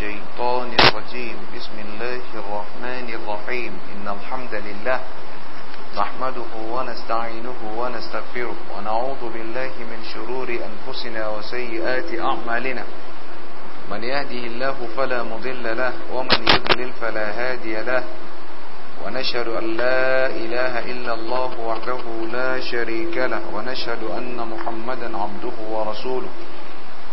الشيطان الرجيم بسم الله الرحمن الرحيم إن الحمد لله نحمده ونستعينه ونستغفره ونعوذ بالله من شرور أنفسنا وسيئات أعمالنا من يهده الله فلا مضل له ومن يضلل فلا هادي له ونشهد أن لا إله إلا الله وحده لا شريك له ونشهد أن محمدا عبده ورسوله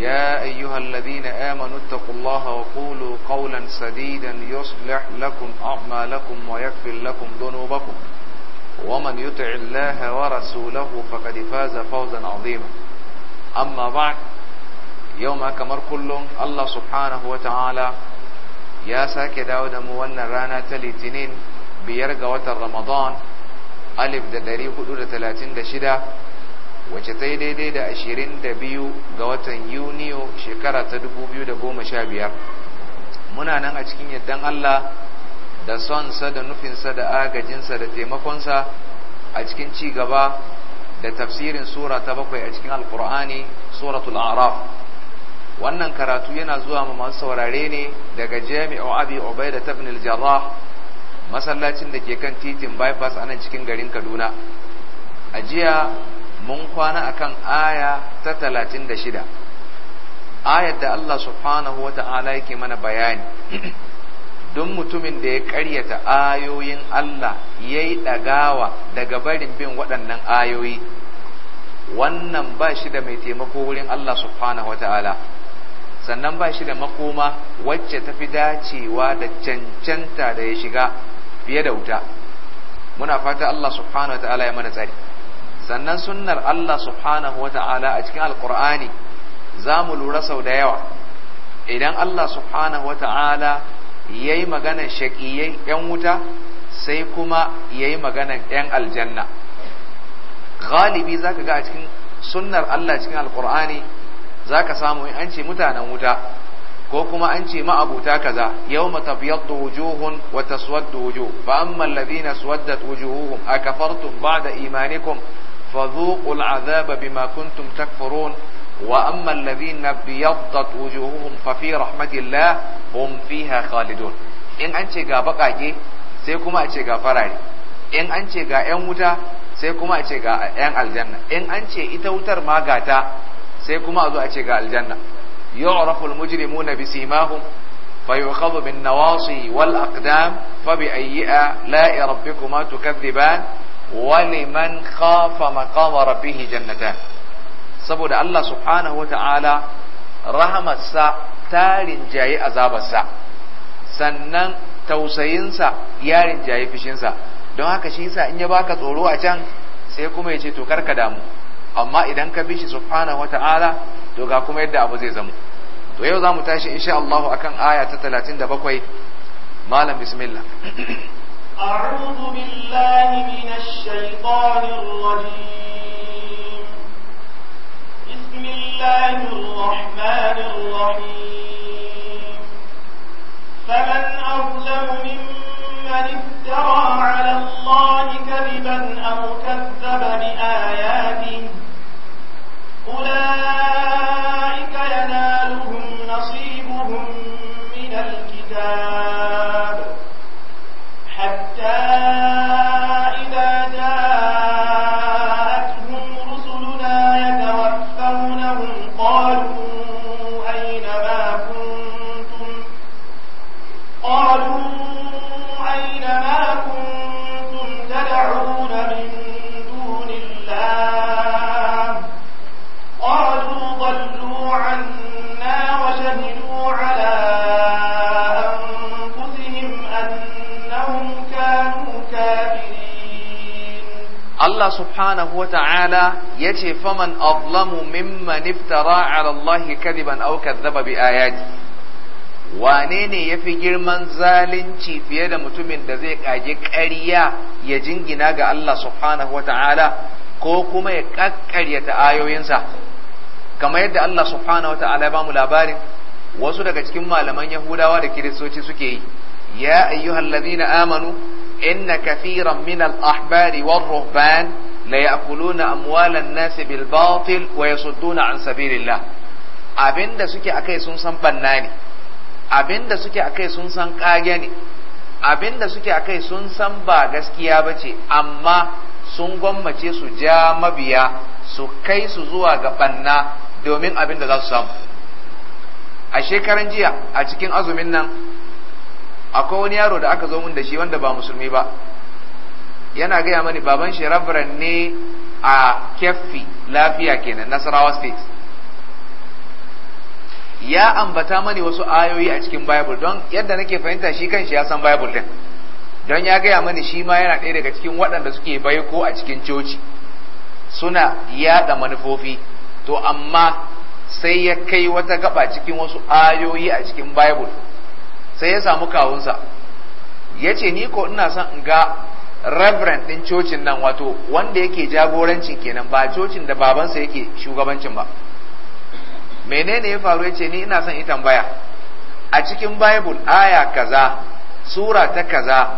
يا أيها الذين آمنوا اتقوا الله وقولوا قولا سديدا يصلح لكم أعمالكم ويغفر لكم ذنوبكم ومن يطع الله ورسوله فقد فاز فوزا عظيما أما بعد يوم كمر كل الله سبحانه وتعالى يا ساك داود مولنا رانا تلتنين بيرقى وتر رمضان ألف دا دريه دا تلاتين دا شدا Wace ta yi daidai da 22 ga watan yuniyo shekara ta 2015 muna nan a cikin yaddan Allah da sonsa da nufinsa da agajinsa da taimakonsa a cikin ci gaba da tafsirin sura ta bakwai a cikin alkur'ani suratul araf wannan karatu yana zuwa ma masu saurare ne daga jami'u abi obai da ibn jarrah masallacin da ke kan titin bypass a nan cikin garin kaduna a jiya mun kwana akan aya ta talatin da shida ayar da Allah subhanahu wa ta'ala yake mana bayani don mutumin da ya karyata ayoyin Allah ya yi ɗagawa daga barin bin waɗannan ayoyi wannan ba shi da mai taimako wurin Allah subhanahu wa ta'ala sannan ba shi da makoma wacce tafi dacewa da cancanta da ya shiga fiye da wuta muna fata Allah subhanahu wa ta'ala ya mana tsari sannan sunnar Allah subhanahu wa ta'ala a cikin Alƙur'ani, za mu lura sau da yawa idan Allah subhanahu wa ta'ala ya yi maganan shaƙiyyai 'yan wuta sai kuma ya yi maganan 'yan aljanna galibi za ka ga a cikin sunnar Allah cikin alkur'ani za ka samu in an ce mutanen wuta ko kuma an ce ma'abuta kaza yau matabiyattu wujuhun wa taswaddu wujuh fa amma alladhina suwaddat wujuhuhum ba da imanikun. فذوقوا العذاب بما كنتم تكفرون وأما الذين ابيضت وجوههم ففي رحمة الله هم فيها خالدون إن أنت جا بقاجي سيكما أنت جا فراري إن أنت جا أموتا سيكما أنت جا أن الجنة إن أنت إتوتر ما جاتا سيكما أذو أنت جا الجنة يعرف المجرمون بسيماهم فيؤخذ بالنواصي والأقدام فبأي آلاء ربكما تكذبان waliman khafa maqama rabbih jannatan saboda Allah subhanahu wataala rahamarsa ta rinjaye azabarsa sannan tausayinsa ya rinjaye fishinsa don haka shi yasa in ya baka tsoro a can sai kuma ya ce to karka damu amma idan ka bi shi subhanahu wataala to ga kuma yadda abu zai zama to yau zamu tashi insha Allah akan aya ta 37 malam bismillah أعوذ بالله من الشيطان الرجيم بسم الله الرحمن الرحيم فمن أظلم ممن افترى على الله كذبا أو كذب بآياته أولئك ينالهم نصيبهم من الكتاب وَلَا Allah subhanahu wa ta'ala ya ce faman azlamu mimman iftara ala kadiban aukar kadzaba bi ayati wane ne ya fi girman zalunci fiye da mutumin da zai kage ƙarya ya jingina ga Allah subhanahu wa ta'ala ko kuma ya ƙaƙƙaryata ayoyinsa kamar yadda Allah subhanahu wa ta'ala ya bamu labarin wasu daga cikin malaman yahudawa da kiristoci suke yi ya ayyuhal ladina amanu إن كثيرا من الأحبار والرهبان ليأكلون أموال الناس بالباطل ويصدون عن سبيل الله abinda suke akai sun san banna ne abinda suke akai sun san kage ne abinda suke akai sun san ba gaskiya bace amma sun gwammace su ja mabiya su kai su zuwa ga banna domin abinda za su samu a shekaran jiya a cikin azumin nan akwai wani yaro da aka zo mun da shi wanda ba musulmi ba yana gaya mani baban shi rabaran ne a keffi lafiya kenan nasarawa state ya ambata mani wasu ayoyi a cikin bible don yadda nake fahimta shi kanshi ya san bible din don ya gaya mani shi ma yana ɗaya daga cikin waɗanda suke baiko a cikin coci suna yada manufofi to amma sai ya kai wata gaba cikin wasu ayoyi a cikin bible sai ya samu kawunsa ya ce ni ko ina son in ga reverend ɗin cocin nan wato wanda yake jagorancin kenan ba cocin da babansa yake shugabancin ba menene ya faru ya ce ni ina son yi tambaya a cikin bible aya kaza sura ta kaza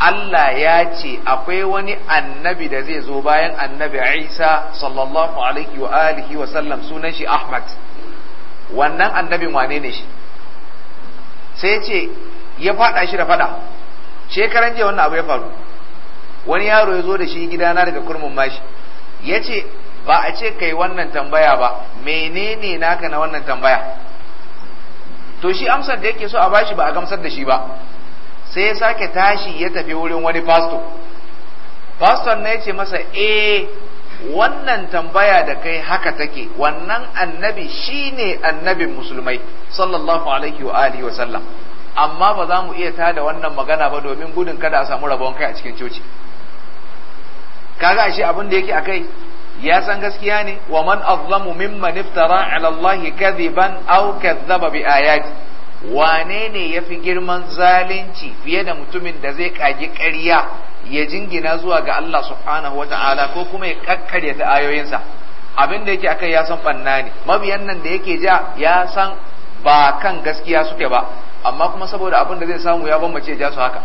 Allah ya ce akwai wani annabi da zai zo bayan annabi Isa sallallahu alaihi wa alihi wa sallam sunan shi Ahmad wannan annabin wane ne shi sai ce ya fada shi da fada shekaran jiya wannan abu ya faru wani yaro ya zo da shi gidana daga kurmin mashi ya ce ba a ce kai wannan tambaya ba menene naka na wannan tambaya to shi amsar da yake so a bashi ba a gamsar da shi ba sai ya sake tashi ya tafi wurin wani pastor pastor na ya ce masa eh wannan tambaya da kai haka take wannan annabi shine annabin musulmai sallallahu alaihi wa alihi wa sallam amma ba za mu iya tada wannan magana ba domin gudun kada a samu rabon kai a cikin coci kaga ashe abin da yake akai ya san gaskiya ne wa man azlamu mimman iftara ala allahi kadhiban aw kadhaba bi ayati wane ne yafi girman zalunci fiye da mutumin da zai kage ƙarya ya jingina zuwa ga Allah subhanahu wata'ala ko kuma ya kakkarya ta ayoyinsa abin da yake akai ya san banna ne mabiyan nan da yake ja ya san ba kan gaskiya suke ba amma kuma saboda abin da zai samu ya bambance ja su haka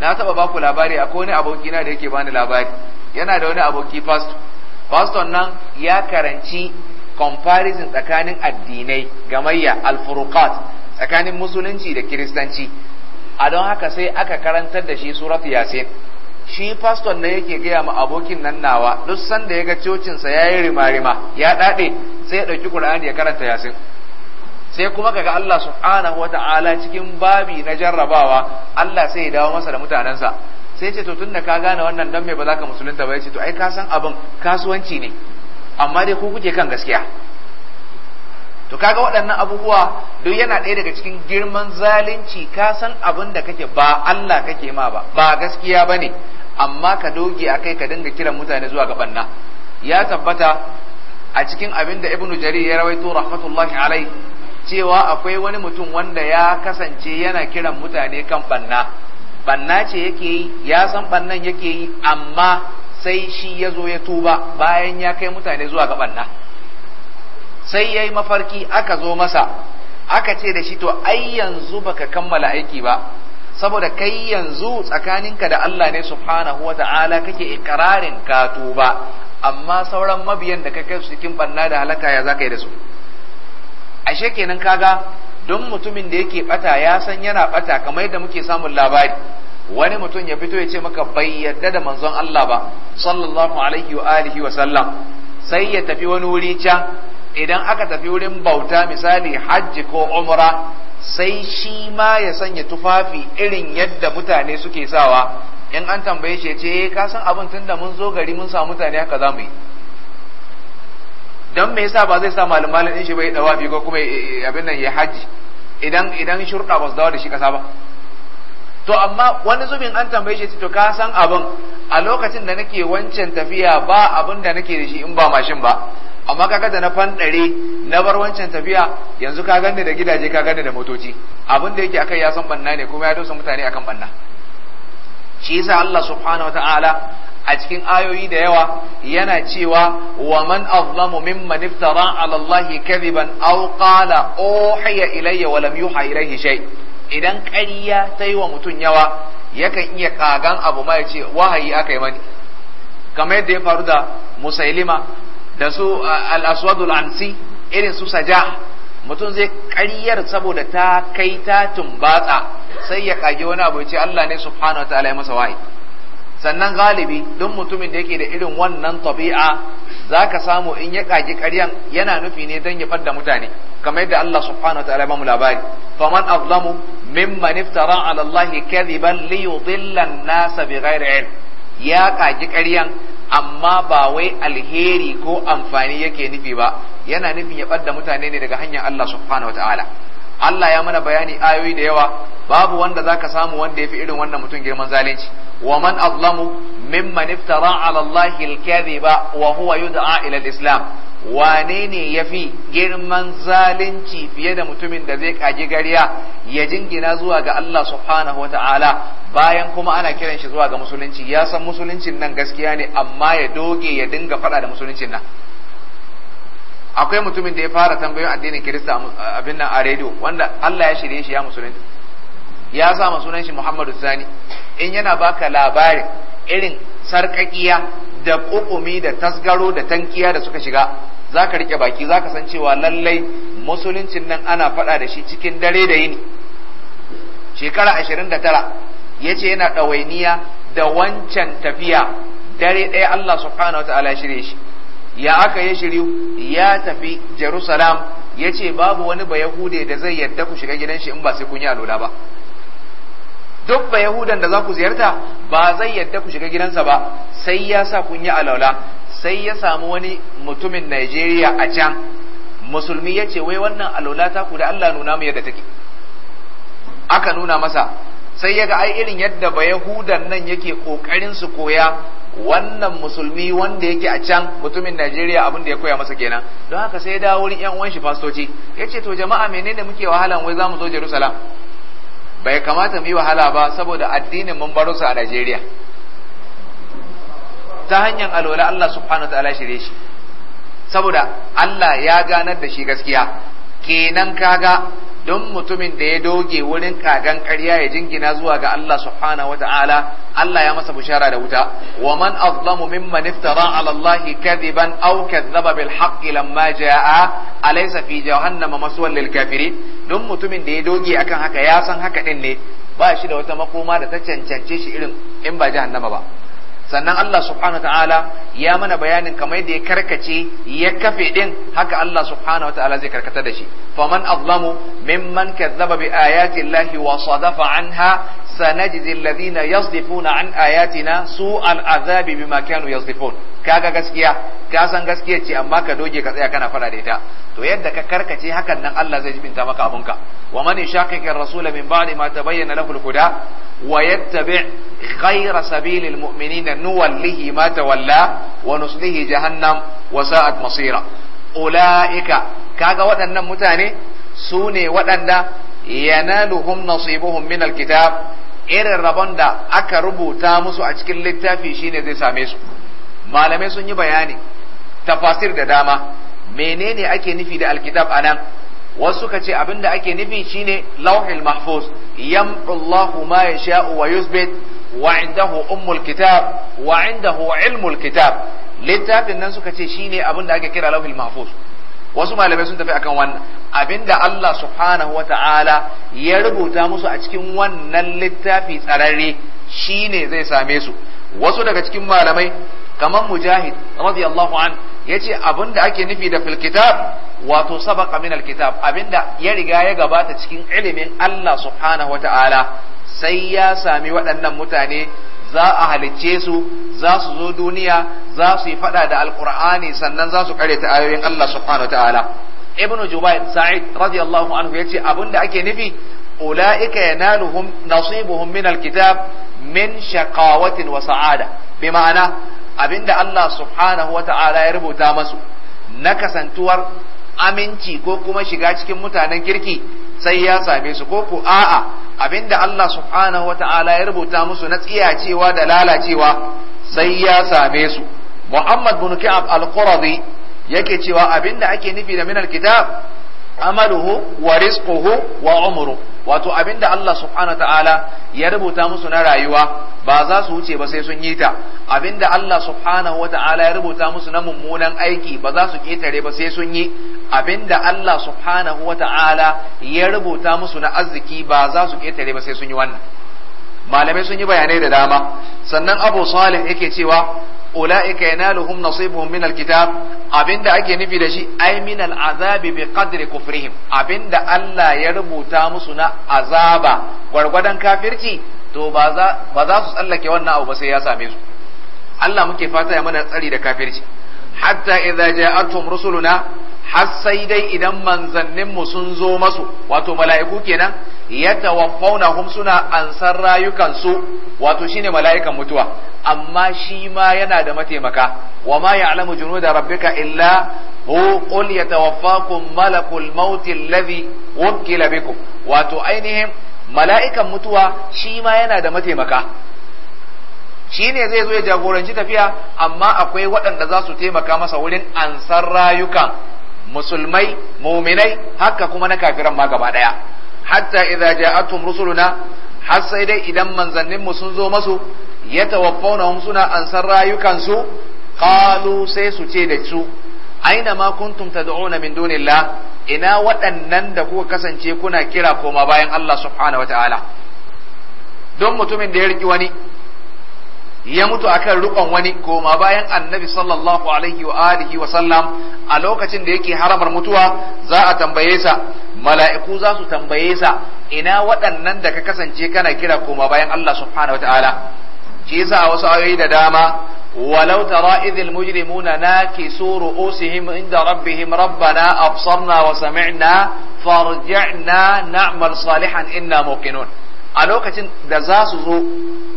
na taba baku labari akwai wani aboki na da yake bani labari yana da wani aboki pastor pastor nan ya karanci comparison tsakanin addinai gamayya al furqat tsakanin musulunci da kiristanci a don haka sai aka karantar da shi suratu, yasin shi pastor na yake gaya ma abokin nan nawa duk sanda ya ga cocinsa ya yi rima-rima ya daɗe sai ya ɗauki ƙur'ani ya karanta yasin sai kuma kaga Allah subhanahu wa ta'ala cikin babi na jarrabawa Allah sai ya dawo masa da mutanensa sai ce to tunda ka gane wannan dan me ba za ka musulunta ba ya ce to ai ka san abin kasuwanci ne amma dai ku kuke kan gaskiya to kaga waɗannan abubuwa duk yana ɗaya daga cikin girman zalunci ka san abin da kake ba Allah kake ma ba ba gaskiya bane amma ka doge a kai ka dinga kiran mutane zuwa ga banna ya tabbata a cikin abin da ibnu jarir ya rawaito rahmatullahi alai cewa akwai wani mutum wanda ya kasance yana kiran mutane kan banna banna ce yake yi ya san bannan yake yi amma sai shi ya zo ya tuba bayan ya kai mutane zuwa ga banna sai ya yi mafarki aka zo masa aka ce da shi to ai yanzu baka kammala aiki ba saboda kai yanzu tsakaninka da Allah ne subhanahu wa ta'ala kake ikirarin ka tuba amma sauran mabiyan da kai su cikin banna da halaka ya zaka yi da su ashe kenan kaga don mutumin da yake bata ya san yana bata kamar yadda muke samun labari wani mutum ya fito ya ce maka bai yadda da manzon Allah ba sallallahu alaihi wa alihi wa sallam sai ya tafi wani wuri can idan aka tafi wurin bauta misali hajji ko umra sai shi ma ya sanya tufafi irin yadda mutane suke sawa in an tambaye shi ce eh, ka san abin tunda mun zo gari mun samu mutane haka za mu yi don me yasa ba zai sa malamalan din shi bai dawafi ko kuma abin nan ya hajji idan idan shurda ba su dawo da shi kasa ba to amma wani zubin an tambaye shi to ka san abin a lokacin da nake wancan tafiya ba abin da nake da shi in ba mashin ba amma kaga da na fanɗare na bar wancan tafiya yanzu ka gane da gidaje ka gane da motoci abin da yake akai ya san banna ne kuma ya dosa mutane akan banna shi yasa Allah subhanahu wataala a cikin ayoyi da yawa yana cewa wa man azlamu mimman iftara ala Allah kadiban aw qala uhiya ilayya wa lam yuha ilayhi shay idan ƙarya ta yi wa mutum yawa yakan iya kagan abu ma ya ce wahayi aka yi mani kamar yadda ya faru da musailima da su al-aswadul ansi irin su saja mutum zai ƙaryar saboda ta kai ta tumbatsa sai ya kage wani abu ce Allah ne subhanahu ta'ala ya masa wahayi sannan galibi duk mutumin da yake da irin wannan tabi'a zaka samu in ya kage ƙaryan yana nufi ne dan ya fadda mutane kamar yadda Allah subhanahu ta'ala ya bamu labari faman azlamu mimman iftara ala Allah kadhiban li yudilla an-nasa bighairi ilm ya kage ƙaryan amma ba wai alheri ko amfani yake nufi ba yana nufin ya ɓadda mutane ne daga hanyar Allah subhanahu wa ta'ala Allah ya mana bayani ayoyi da yawa babu wanda zaka samu wanda ya fi irin wannan mutum girman zalunci wa man azlamu mimman iftara ala Allah al-kadhiba wa huwa yud'a ila al-islam wane ne ya fi girman zalunci fiye da mutumin da zai kagi gariya ya jingina zuwa ga Allah subhanahu wa ta'ala bayan kuma ana kiran shi zuwa ga musulunci ya san musuluncin nan gaskiya ne amma ya doge ya dinga fada da musuluncin nan akwai mutumin da ya fara tambayoyin addinin kirista abin nan a rediyo wanda Allah ya shirye shi ya musulunci ya sa sunan shi Muhammadu Sani in yana baka labarin irin sarkakiya da ƙuƙumi da tasgaro da tankiya da suka shiga za ka riƙe baki za ka san cewa lallai musuluncin nan ana faɗa da shi cikin dare da yini shekara ashirin da tara ya ce yana ɗawainiya da wancan tafiya dare ɗaya Allah subhanahu wa ta'ala ya shirye shi ya aka ya shiryu ya tafi Jerusalem ya ce babu wani ba Yahude da zai yadda ku shiga gidan shi in ba sai kun yi alola ba duk ba Yahudan da za ku ziyarta ba zai yadda ku shiga gidansa ba sai ya sa kun yi alola sai ya samu wani mutumin Najeriya a can musulmi ya ce wai wannan alola ta ku da Allah nuna mu yadda take aka nuna masa sai ya ga ai irin yadda ba yahudan nan yake kokarin su koya wannan musulmi wanda yake a can mutumin Najeriya abin da ya koya masa kenan don haka sai ya dawo wurin yan uwan shi fastoci ce to jama'a menene muke wahalan wai zamu zo Jerusalem bai kamata mu yi wahala ba saboda addinin mun baro su a Najeriya ta hanyar alwala Allah subhanahu ta'ala shirye shi saboda Allah ya ganar da shi gaskiya kenan kaga don mutumin da ya doge wurin kagan karya ya jingina zuwa ga Allah subhanahu ta'ala Allah ya masa bushara da wuta wa man azlamu mimman iftara ala Allah kadiban aw kadzaba bil haqqi lamma jaa alaysa fi jahannama maswan lil kafirin don mutumin da ya doge akan haka ya san haka din ne ba shi da wata makoma da ta cancance shi irin in ba jahannama ba sannan Allah subhanahu ta'ala ya mana bayanin kamar yadda ya karkace ya kafe din haka Allah subhanahu ta'ala zai karkata da shi faman azlamu mimman kazzaba bi ayati llahi wa sadafa anha sanajzi alladhina yasdifuna an ayatina al azabi bima kanu yasdifun kaga gaskiya ka san gaskiya ce amma ka doge ka tsaya kana faɗa da ita to yadda ka karkace hakan nan Allah zai jibinta maka abunka wa man yashaqiqir rasula min ba'di ma tabayyana lahu al-huda wa yattabi' ghayra sabilil mu'minina nuwallihi ma tawalla wa nuslihi jahannam wa sa'at masira ulaika kaga waɗannan mutane su ne waɗanda yanaluhum nasibuhum min al-kitab irin rabon da aka rubuta musu a cikin littafi shine zai same su malamai sun yi bayani tafasir da dama menene ake nufi da alkitab anan wasu ka ce abinda ake nufi shine lauhil mahfuz yamqullahu ma yasha'u wa yusbit wa indahu ummul kitab wa indahu ilmul kitab littafin nan suka ce shine abinda ake kira lauhil mahfuz wasu malamai sun tafi akan wannan abinda Allah subhanahu wata'ala ya rubuta musu a cikin wannan littafi tsararre shine zai same su wasu daga cikin malamai kamar mujahid radiyallahu an yace abinda ake nufi da fil wato sabaqa min al kitab abinda ya riga ya gabata cikin ilimin Allah subhanahu wataala sai ya sami waɗannan mutane za a halicce su za su zo duniya za su yi fada da alqur'ani sannan za su kare ta ayoyin Allah subhanahu wataala ibnu jubayr sa'id radiyallahu anhu ya ce yace da ake nufi أولئك ينالهم نصيبهم من الكتاب من شقاوة وسعادة ma'ana. abinda Allah subhanahu wata'ala ya rubuta masu na kasantuwar aminci ko kuma shiga cikin mutanen kirki sai ya same su ko ku a'a abinda Allah subhanahu wata'ala ya rubuta musu na tsiyacewa da lalacewa sai ya same su Muhammad bin Ka'ab al-Quradi yake cewa abinda ake nufi da minal kitab amaluhu wa rizquhu wa umru wato abinda Allah subhanahu ta'ala ya rubuta musu na rayuwa ba za su wuce ba sai sun yi ta abinda Allah subhanahu wa ta'ala ya rubuta musu na mummunan aiki ba za su ketare ba sai sun yi abinda Allah subhanahu wa ta'ala ya rubuta musu na arziki ba za su ketare ba sai sun yi wannan malamai sun yi bayanai da dama sannan abu salih yake cewa ulaika yanaluhum nasibuhum min alkitab abinda ake nufi da shi ai min al'azabi bi qadri kufrihim abinda Allah ya rubuta musu na azaba gwargwadon kafirci to ba za su tsallake wannan abu ba sai ya same su Allah muke fata ya mana tsari da kafirci hatta idza ja'atuhum rusuluna har sai dai idan manzanninmu sun zo masu wato mala'iku kenan ya tawaffauna hum suna ansar rayukansu wato shine mala'ikan mutuwa amma shi ma yana da mataimaka wa ma ya'lamu junuda rabbika illa hu qul yatawaffakum malakul maut alladhi wukila bikum wato ainihin mala'ikan mutuwa shi ma yana da mataimaka shi ne zai zo ya jagoranci tafiya amma akwai waɗanda za su taimaka masa wurin ansar rayukan musulmai muminai haka kuma na kafiran ma gaba daya hatta idza ja'atuhum rusuluna har sai dai idan manzanninmu sun zo masu yatawaffawnahum suna ansar rayukansu qalu sai su ce da su aina ma kuntum tad'una min dunillah ina waɗannan da kuka kasance kuna kira koma bayan Allah subhanahu wataala don mutumin da ya riki wani ya mutu akan rukon wani koma bayan annabi sallallahu alaihi wa alihi wa sallam a lokacin da yake haramar mutuwa za a tambaye sa mala'iku za su tambaye sa ina waɗannan da ka kasance kana kira koma bayan Allah subhanahu wataala shi yasa a wasu ayoyi da dama ولو ترى إذ المجرمون ناكسوا رؤوسهم عند ربهم ربنا أبصرنا وسمعنا farjina نعمل salihan إنا موقنون a lokacin da za su zo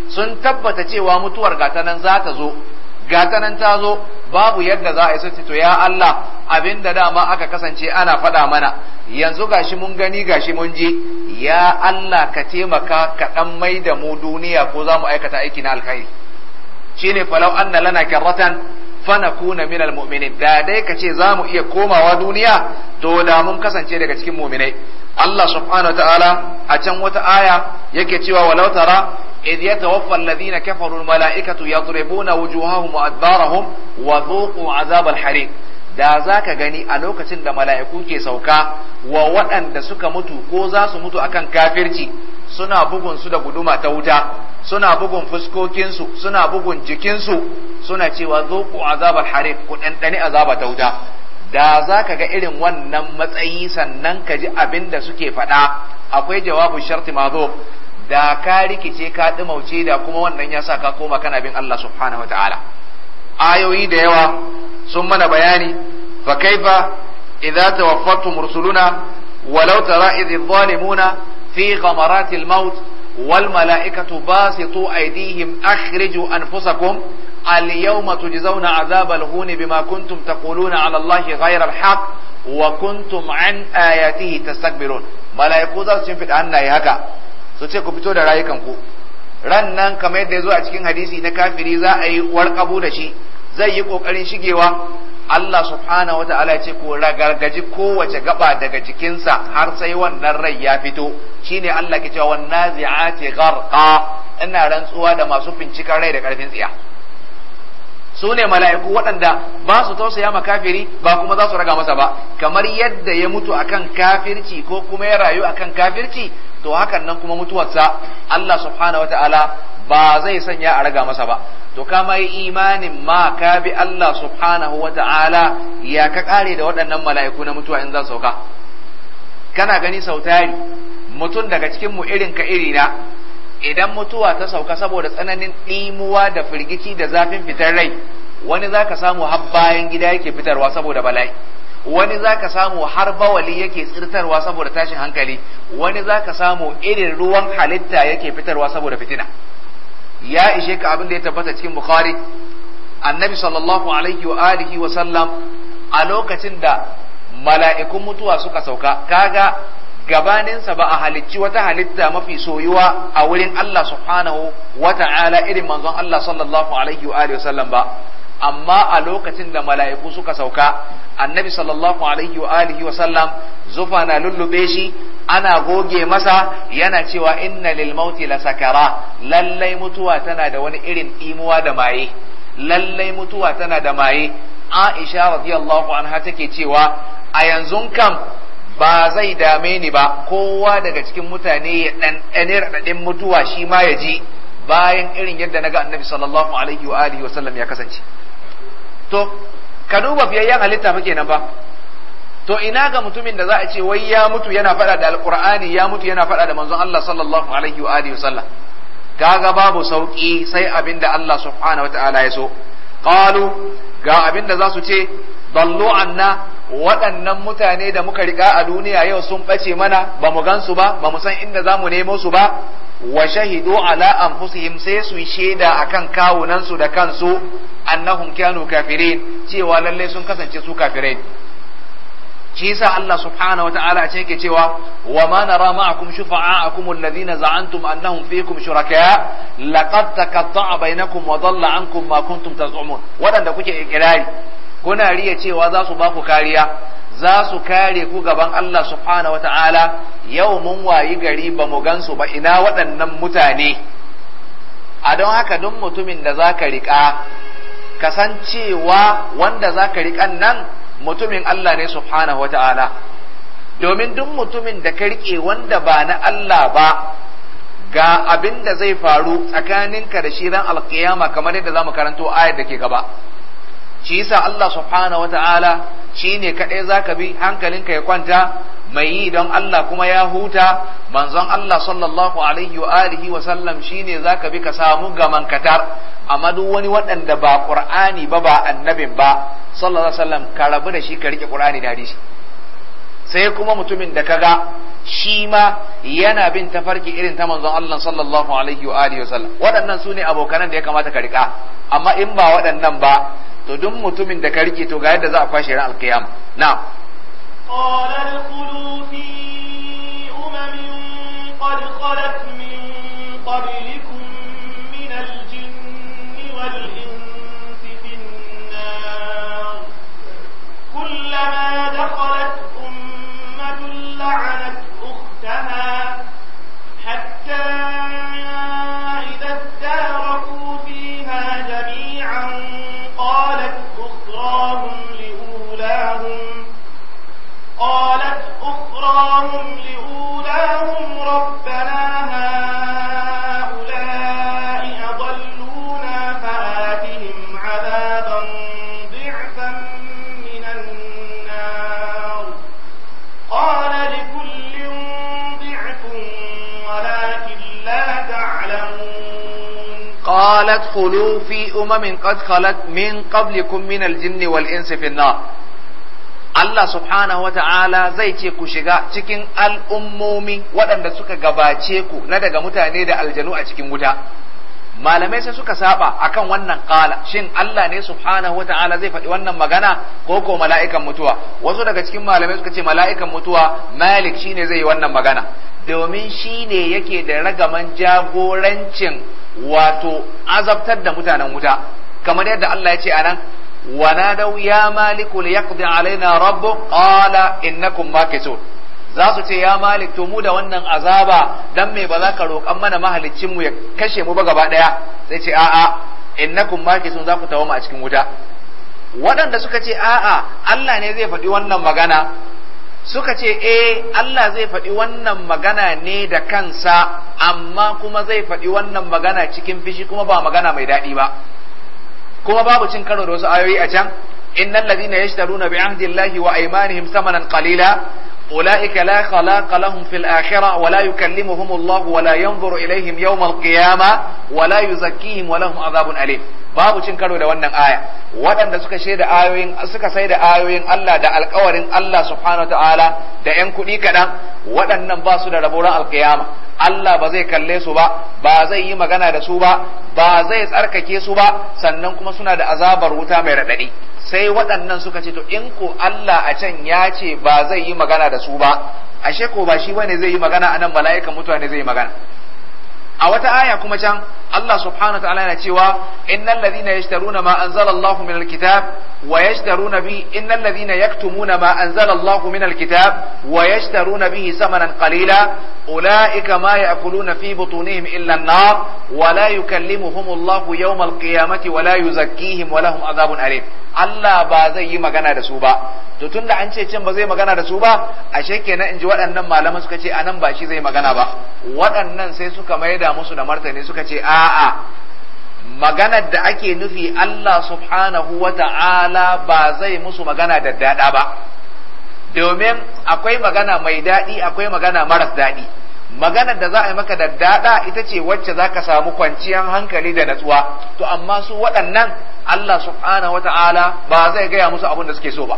sun tabbata cewa mutuwar gatanan nan za ta zo Gatanan ta zo babu yadda za a yi to ya Allah abinda dama aka kasance ana faɗa mana yanzu gashi mun gani gashi mun je, ya Allah ka taimaka ka dan mai da mu duniya ko za mu aikata aiki na alkhairi shine falau anna lana karratan fanakuna minal mu'minin da dai ka ce za mu iya komawa duniya to da mun kasance daga cikin mu'minai Allah subhanahu wa a can wata aya yake cewa walau tara إذ يتوفى الذين كفروا الملائكة يضربون وجوههم وأدبارهم وذوقوا عذاب الحريق da za ka gani a lokacin da mala'iku ke sauka wa waɗanda suka mutu ko za su mutu akan kafirci suna bugun su da guduma ta wuta suna bugun fuskokinsu suna bugun jikinsu suna cewa zo ku azabar harif ku ɗanɗani azaba ta wuta da za ka ga irin wannan matsayi sannan ka ji abin da suke faɗa akwai jawabu sharti ma zo da ka rikice ka dumauce da kuma wannan ya sa ka koma kana bin Allah subhanahu wa ta'ala ayoyi da yawa sun mana bayani fa kaifa idza tawaffatum rusuluna walau tara idh adh-dhalimuna fi ghamaratil maut wal mala'ikatu basitu aydihim akhriju anfusakum اليوم huni عذاب الهون بما كنتم تقولون على الله غير الحق وكنتم عن آياته تستكبرون ملائكو ذا سنفت أن يهكا su ce ku fito da rayukanku ran nan kamar yadda ya zo a cikin hadisi na kafiri za a yi warkabu da shi zai yi kokarin shigewa Allah subhanahu wata'ala ya ce ko ragargaji kowace gaba daga jikinsa har sai wannan rai ya fito shine Allah ke cewa wannan zi'ati gharqa ina rantsuwa da masu fincikan rai da karfin tsiya su ne mala'iku waɗanda ba su tausaya ma kafiri ba kuma za su raga masa ba kamar yadda ya mutu akan kafirci ko kuma ya rayu akan kafirci to hakan nan kuma mutuwarsa Allah subhanahu wataala ba zai sanya a raga masa ba to kama yi imanin ma ka bi Allah subhanahu wataala ya ka kare da waɗannan mala'iku na mutuwa in zan sauka kana gani sautari mutum daga cikin mu irin ka iri na? idan mutuwa ta sauka saboda tsananin ɗimuwa da firgici da zafin fitar rai wani za ka samu har bayan gida yake fitarwa saboda bala'i wani za ka samu har bawali yake tsirtarwa saboda tashin hankali wani za ka samu irin ruwan halitta yake fitarwa saboda fitina ya ishe ka abin da ya tabbata cikin bukhari annabi sallallahu alaihi wa alihi wa sallam a lokacin da mala'ikun mutuwa suka sauka kaga gabaninsa ba a halicci wata halitta mafi soyuwa a wurin Allah subhanahu wa ta'ala irin manzon Allah sallallahu alaihi wa alihi wasallam ba amma a lokacin da mala'iku suka sauka annabi sallallahu alaihi wa alihi wasallam zufa na lullube shi ana goge masa yana cewa inna lil mauti la sakara lallai mutuwa tana da wani irin imuwa da maye lallai mutuwa tana da maye Aisha radiyallahu anha take cewa a yanzu kam ba zai dame ni ba kowa daga cikin mutane ya ɗanɗane raɗaɗin mutuwa shi ma ya ji bayan irin yadda naga annabi sallallahu alaihi wa alihi wa sallam ya kasance to ka duba biyayyan halitta muke kenan ba to ina ga mutumin da za a ce wai ya mutu yana faɗa da alqur'ani ya mutu yana faɗa da manzon Allah sallallahu alaihi wa alihi wa sallam kaga babu sauki sai abinda Allah subhanahu wa ta'ala ya so qalu ga abinda za su ce dallu anna waɗannan mutane da muka riƙa a duniya yau sun ɓace mana ba mu gansu ba ba mu san inda za mu nemo su ba wa shahidu ala anfusihim sai su shaida akan kawunan su da kansu annahum kanu kafirin cewa lallai sun kasance su kafirai shi yasa Allah subhanahu wataala ce ke cewa wa ma nara ma'akum shufa'a'akum alladhina za'antum annahum fikum shuraka laqad taqatta'a bainakum wa dhalla ankum ma kuntum taz'umun wadanda kuke ikirari kuna riya cewa za su ba ku kariya za su kare ku gaban Allah subhanahu wata'ala yau mun wayi gari ba mu gansu ba ina waɗannan mutane a don haka duk mutumin da za ka riƙa kasancewa wanda za ka riƙan nan mutumin Allah ne subhanahu wata'ala domin duk mutumin da ka riƙe wanda ba na Allah ba ga abin da zai faru tsakaninka da shi ran alƙiyama kamar yadda za mu karanto ayar da ke gaba shi yasa Allah subhanahu wata'ala shine kadai zaka bi hankalinka ya kwanta mai yi don Allah kuma ya huta manzon Allah sallallahu alaihi wa alihi wa sallam shine zaka bi ka samu gaman katar amma duk wani waɗanda ba Qur'ani ba ba annabin ba sallallahu alaihi wasallam ka rabu da shi ka rike Qur'ani da hadisi sai kuma mutumin da kaga shi ma yana bin tafarki irin ta manzon Allah sallallahu alaihi wa alihi wa sallam waɗannan su ne abokanan da ya kamata ka rika amma in ba waɗannan ba to duk mutumin da ka rike to ga yadda za a kwashe ran alkiyama na qala al-qulu fi umamin qad khalat min qablikum min al wal-ins fi an-nar kullama dakhala قالت أخراهم لأولاهم ربنا هؤلاء أضلونا فآتهم عذابا ضعفا من النار قال لكل ضعف ولكن لا تعلمون قالت خلوا في أمم قد خلت من قبلكم من الجن والإنس في النار Allah subhanahu wa ta'ala zai ce ku shiga cikin al'ummomi waɗanda suka gabace ku na daga mutane da aljanu a cikin wuta. Malamai sai suka saba akan wannan kala shin Allah ne subhanahu wa ta'ala zai faɗi wannan magana ko ko mala'ikan mutuwa. Wasu daga cikin malamai suka ce mala'ikan mutuwa Malik shine zai yi wannan magana domin shi ne yake da ragaman jagorancin wato azabtar da mutanen wuta kamar yadda Allah ya ce anan ونادوا يا مالك ليقضي علينا ربك قال إنكم ماكثون za su ce ya malik to mu da wannan azaba dan me ba za ka roƙan mana mahalicin mu ya kashe mu ba gaba daya sai ce a'a innakum makisun za ku tawama a cikin wuta waɗanda suka ce a'a Allah ne zai faɗi wannan magana suka ce eh Allah zai faɗi wannan magana ne da kansa amma kuma zai faɗi wannan magana cikin fishi kuma ba magana mai daɗi ba kuma babu cin karo da wasu ayoyi a can innal ladina yashtaruna bi ahdillahi wa aymanihim samanan qalila أولئك لا خلاق لهم في الآخرة ولا يكلمهم الله ولا ينظر إليهم يوم القيامة ولا يزكيهم ولهم عذاب أليم babu cin karo da wannan aya waɗanda suka shaida ayoyin suka saida ayoyin Allah da alƙawarin Allah subhanahu da ƴan kuɗi kaɗan waɗannan ba su da raboran alƙiyama Allah ba zai kalle su ba ba zai yi magana da su ba ba zai tsarkake su ba sannan kuma suna da azabar wuta mai raɗaɗi sai waɗannan suka ce to in ko Allah a can ya ce ba zai yi magana da su ba ashe ko ba shi bane zai yi magana anan mala'ikan mutane zai yi magana a wata aya kuma can Allah subhanahu ta'ala yana cewa innal ladhina yashtaruna ma anzala Allahu min alkitab wa yashtaruna bi innal ladhina yaktumuna ma anzala Allahu min alkitab wa yashtaruna bihi samanan qalila ulaika ma ya'kuluna fi butunihim illa an-nar wa la yukallimuhum Allahu yawm alqiyamati wa la yuzakkihim wa lahum adhabun alim Allah ba zai yi magana da su ba to tunda an ce can ba zai magana da su ba ashe kenan in ji waɗannan malaman suka ce anan ba shi zai magana ba waɗannan sai suka maida gwada musu da martani suka ce a'a maganar da ake nufi Allah subhanahu wa ta'ala ba zai musu magana da daɗa ba domin akwai magana mai daɗi akwai magana maras daɗi maganar da za a yi maka da daɗa ita ce wacce za ka samu kwanciyar hankali da natsuwa to amma su waɗannan Allah subhanahu wa ta'ala ba zai gaya musu abin da suke so ba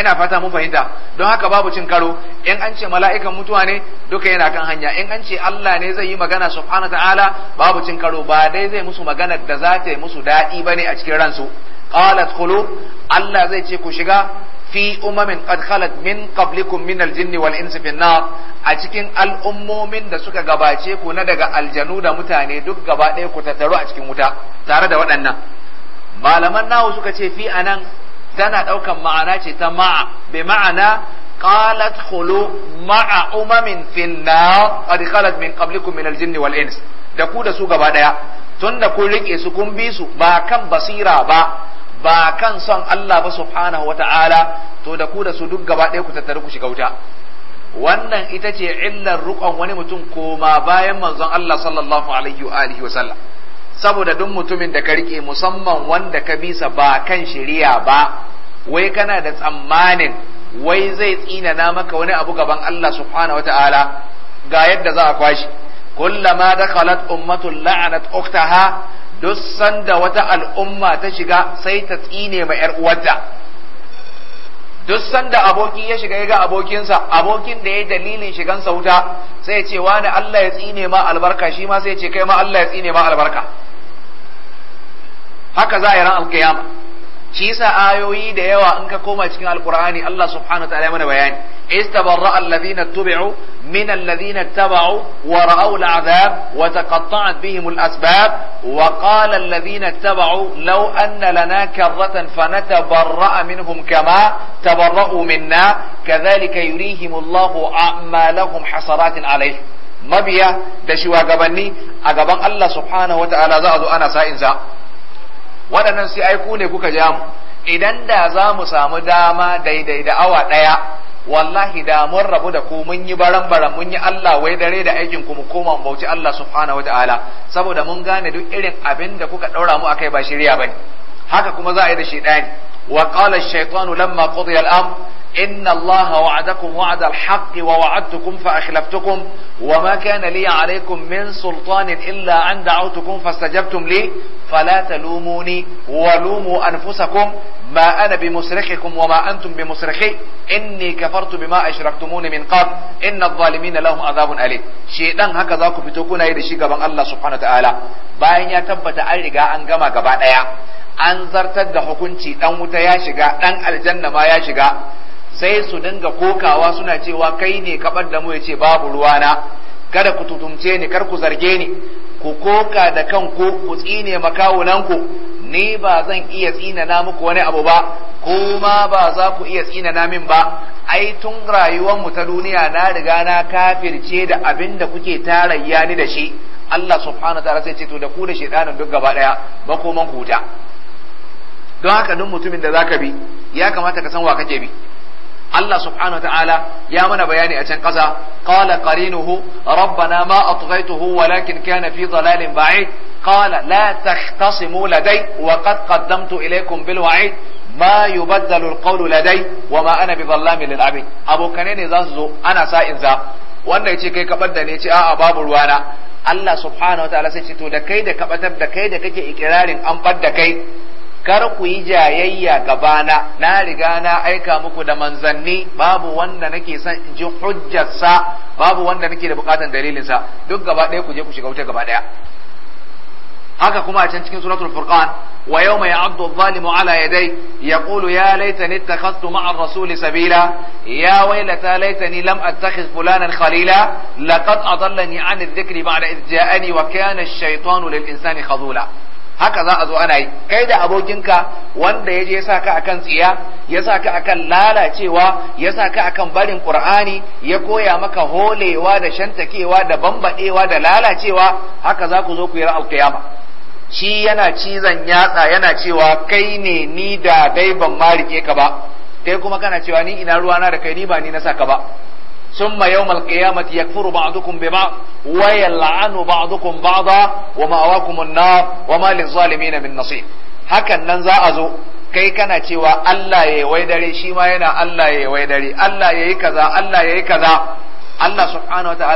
ina fata mun fahimta don haka babu cin karo in an ce mala'ikan mutuwa ne duka yana kan hanya in an ce Allah ne zai yi magana subhanahu ta'ala babu cin karo ba dai zai musu magana da za ta yi musu daɗi bane a cikin ransu qalat khulu Allah zai ce ku shiga fi umamin qad khalat min qablikum min aljinn wal insi fi nar a cikin al'ummomin da suka gabace ku na daga aljanu da mutane duk gaba ɗaya ku tattaru a cikin wuta tare da waɗannan malaman nawo suka ce fi anan tana ɗaukan ma'ana ce ta ma'a bi ma'ana qalat khulu ma'a umamin fil nar qad min qablikum min al jinni wal ins da ku da su gaba daya tunda kun rike su kun bi su ba kan basira ba ba kan son Allah ba subhanahu wata'ala to da ku da su duk gaba ɗaya ku tattare ku shiga wuta wannan ita ce illar rukon wani mutum koma bayan manzon Allah sallallahu alaihi wa alihi wa sallam saboda duk mutumin da ka rike musamman wanda ka bisa ba kan shari'a ba wai kana da tsammanin wai zai tsinana maka wani abu gaban Allah subhanahu wataala ga yadda za a kwashi kullama dakhalat ummatun la'anat ukhtaha duk sanda wata al'umma ta shiga sai ta tsine ma yar uwarta duk sanda aboki ya shiga ga abokinsa abokin da ya dalilin shigansa wuta sai ce wani Allah ya tsine ma albarka shi ma sai ce kai ma Allah ya tsine ma albarka haka za a yi ran alkiyama shi yasa ayoyi da yawa in ka koma cikin alkur'ani Allah subhanahu ta'ala mana bayani istabarra alladhina tubi'u min alladhina tabau wa ra'aw al'adhab wa taqatta'at bihim al'asbab wa qala alladhina tabau law anna lana karratan fanatabarra'a minhum kama tabarra'u minna kadhalika yurihim Allahu a'malahum hasaratin alayhim mabiya da shugabanni a gaban Allah subhanahu wa ta'ala za a zo ana sa'in za waɗannan sai aiku ne kuka ja mu idan da za mu samu dama daidai da awa ɗaya wallahi da mun rabu da ku mun yi baran baran mun yi Allah wai dare da aikin ku mu koma mu bauci Allah subhanahu wataala saboda mun gane duk irin abin da kuka ɗaura mu akai ba shirya bane haka kuma za a yi da shedani wa qala ash-shaytanu lamma qudiya al-amr إن الله وعدكم وعد الحق ووعدتكم فأخلفتكم وما كان لي عليكم من سلطان إلا أن دعوتكم فاستجبتم لي فلا تلوموني ولوموا أنفسكم ما أنا بمصرخكم وما أنتم بمصرخي إني كفرت بما أشركتمون من قبل إن الظالمين لهم عذاب أليم شيطان هكذا كفتوكونا يدشي قبل الله سبحانه وتعالى باين يتبت أرقى أنقما قبل an zartar da hukunci dan wuta ya shiga dan aljanna ma ya shiga sai su dinga kokawa suna cewa kai ne kabar da mu yace ce babu na kada ku tutumce ni kar ku zarge ni ku koka da kanku ku tsine makawunanku ni ba zan iya tsina na muku wani abu ba kuma ba za ku iya tsina na min ba ai tun rayuwar mu ta duniya na riga na kafirce da abin da kuke tarayya ni da shi Allah subhanahu wa ta'ala sai ce to da ku da shedanin duk gaba daya man huta don haka duk mutumin da zaka bi ya kamata ka san wa kake bi Allah subhanahu ya mana bayani a can ƙasa qala qarinuhu rabbana ma atghaytuhu walakin kana fi dhalalin ba'id qala la tahtasimu ladai wa qad qaddamtu ilaykum bil wa'id ma yubaddalu al ladai wa ma ana bi dhallamin lil abid abokane ne za su zo ana sa in za wanda yace kai kabar da ne ce a'a babu ruwana Allah subhanahu ta'ala sai ce to da kai da kabatar da kai da kake ikirarin an bar da kai kar ku yi jayayya gabana na riga na aika muku da manzanni babu wanda nake son in ji hujjarsa babu wanda nake da bukatan dalilinsa duk gaba ɗaya ku je ku shiga wuta gaba ɗaya haka kuma a can cikin suratul furqan wa yawma ya'addu adh-dhalimu ala yaday yaqulu ya laitani ittakhadhtu ma'a ar-rasuli sabila ya waylata laitani lam attakhidh fulanan khalila laqad adallani 'an adh-dhikri ba'da idh ja'ani wa kana ash-shaytanu lil-insani khadula haka za a zo ana yi kai da abokinka wanda ya je ya saka akan tsiya ya saka akan lalacewa ya sa ka akan barin qur'ani ya koya maka holewa da shantakewa da bambadewa da lalacewa haka za ku zo ku yi ra'al kiyama shi yana cizon yatsa yana cewa kai ne ni da dai ban ma rike ka ba kai kuma kana cewa ni ina ruwa na da kai ni ba ni na saka ba ثم يوم القيامة يكفر بعضكم ببعض ويلعن بعضكم بعضا ومأواكم النار وما للظالمين من نصير هكا ننزع أزو kai kana cewa Allah ya yi waidare shi ma yana Allah ya yi waidare Allah ya yi kaza Allah ya yi kaza Allah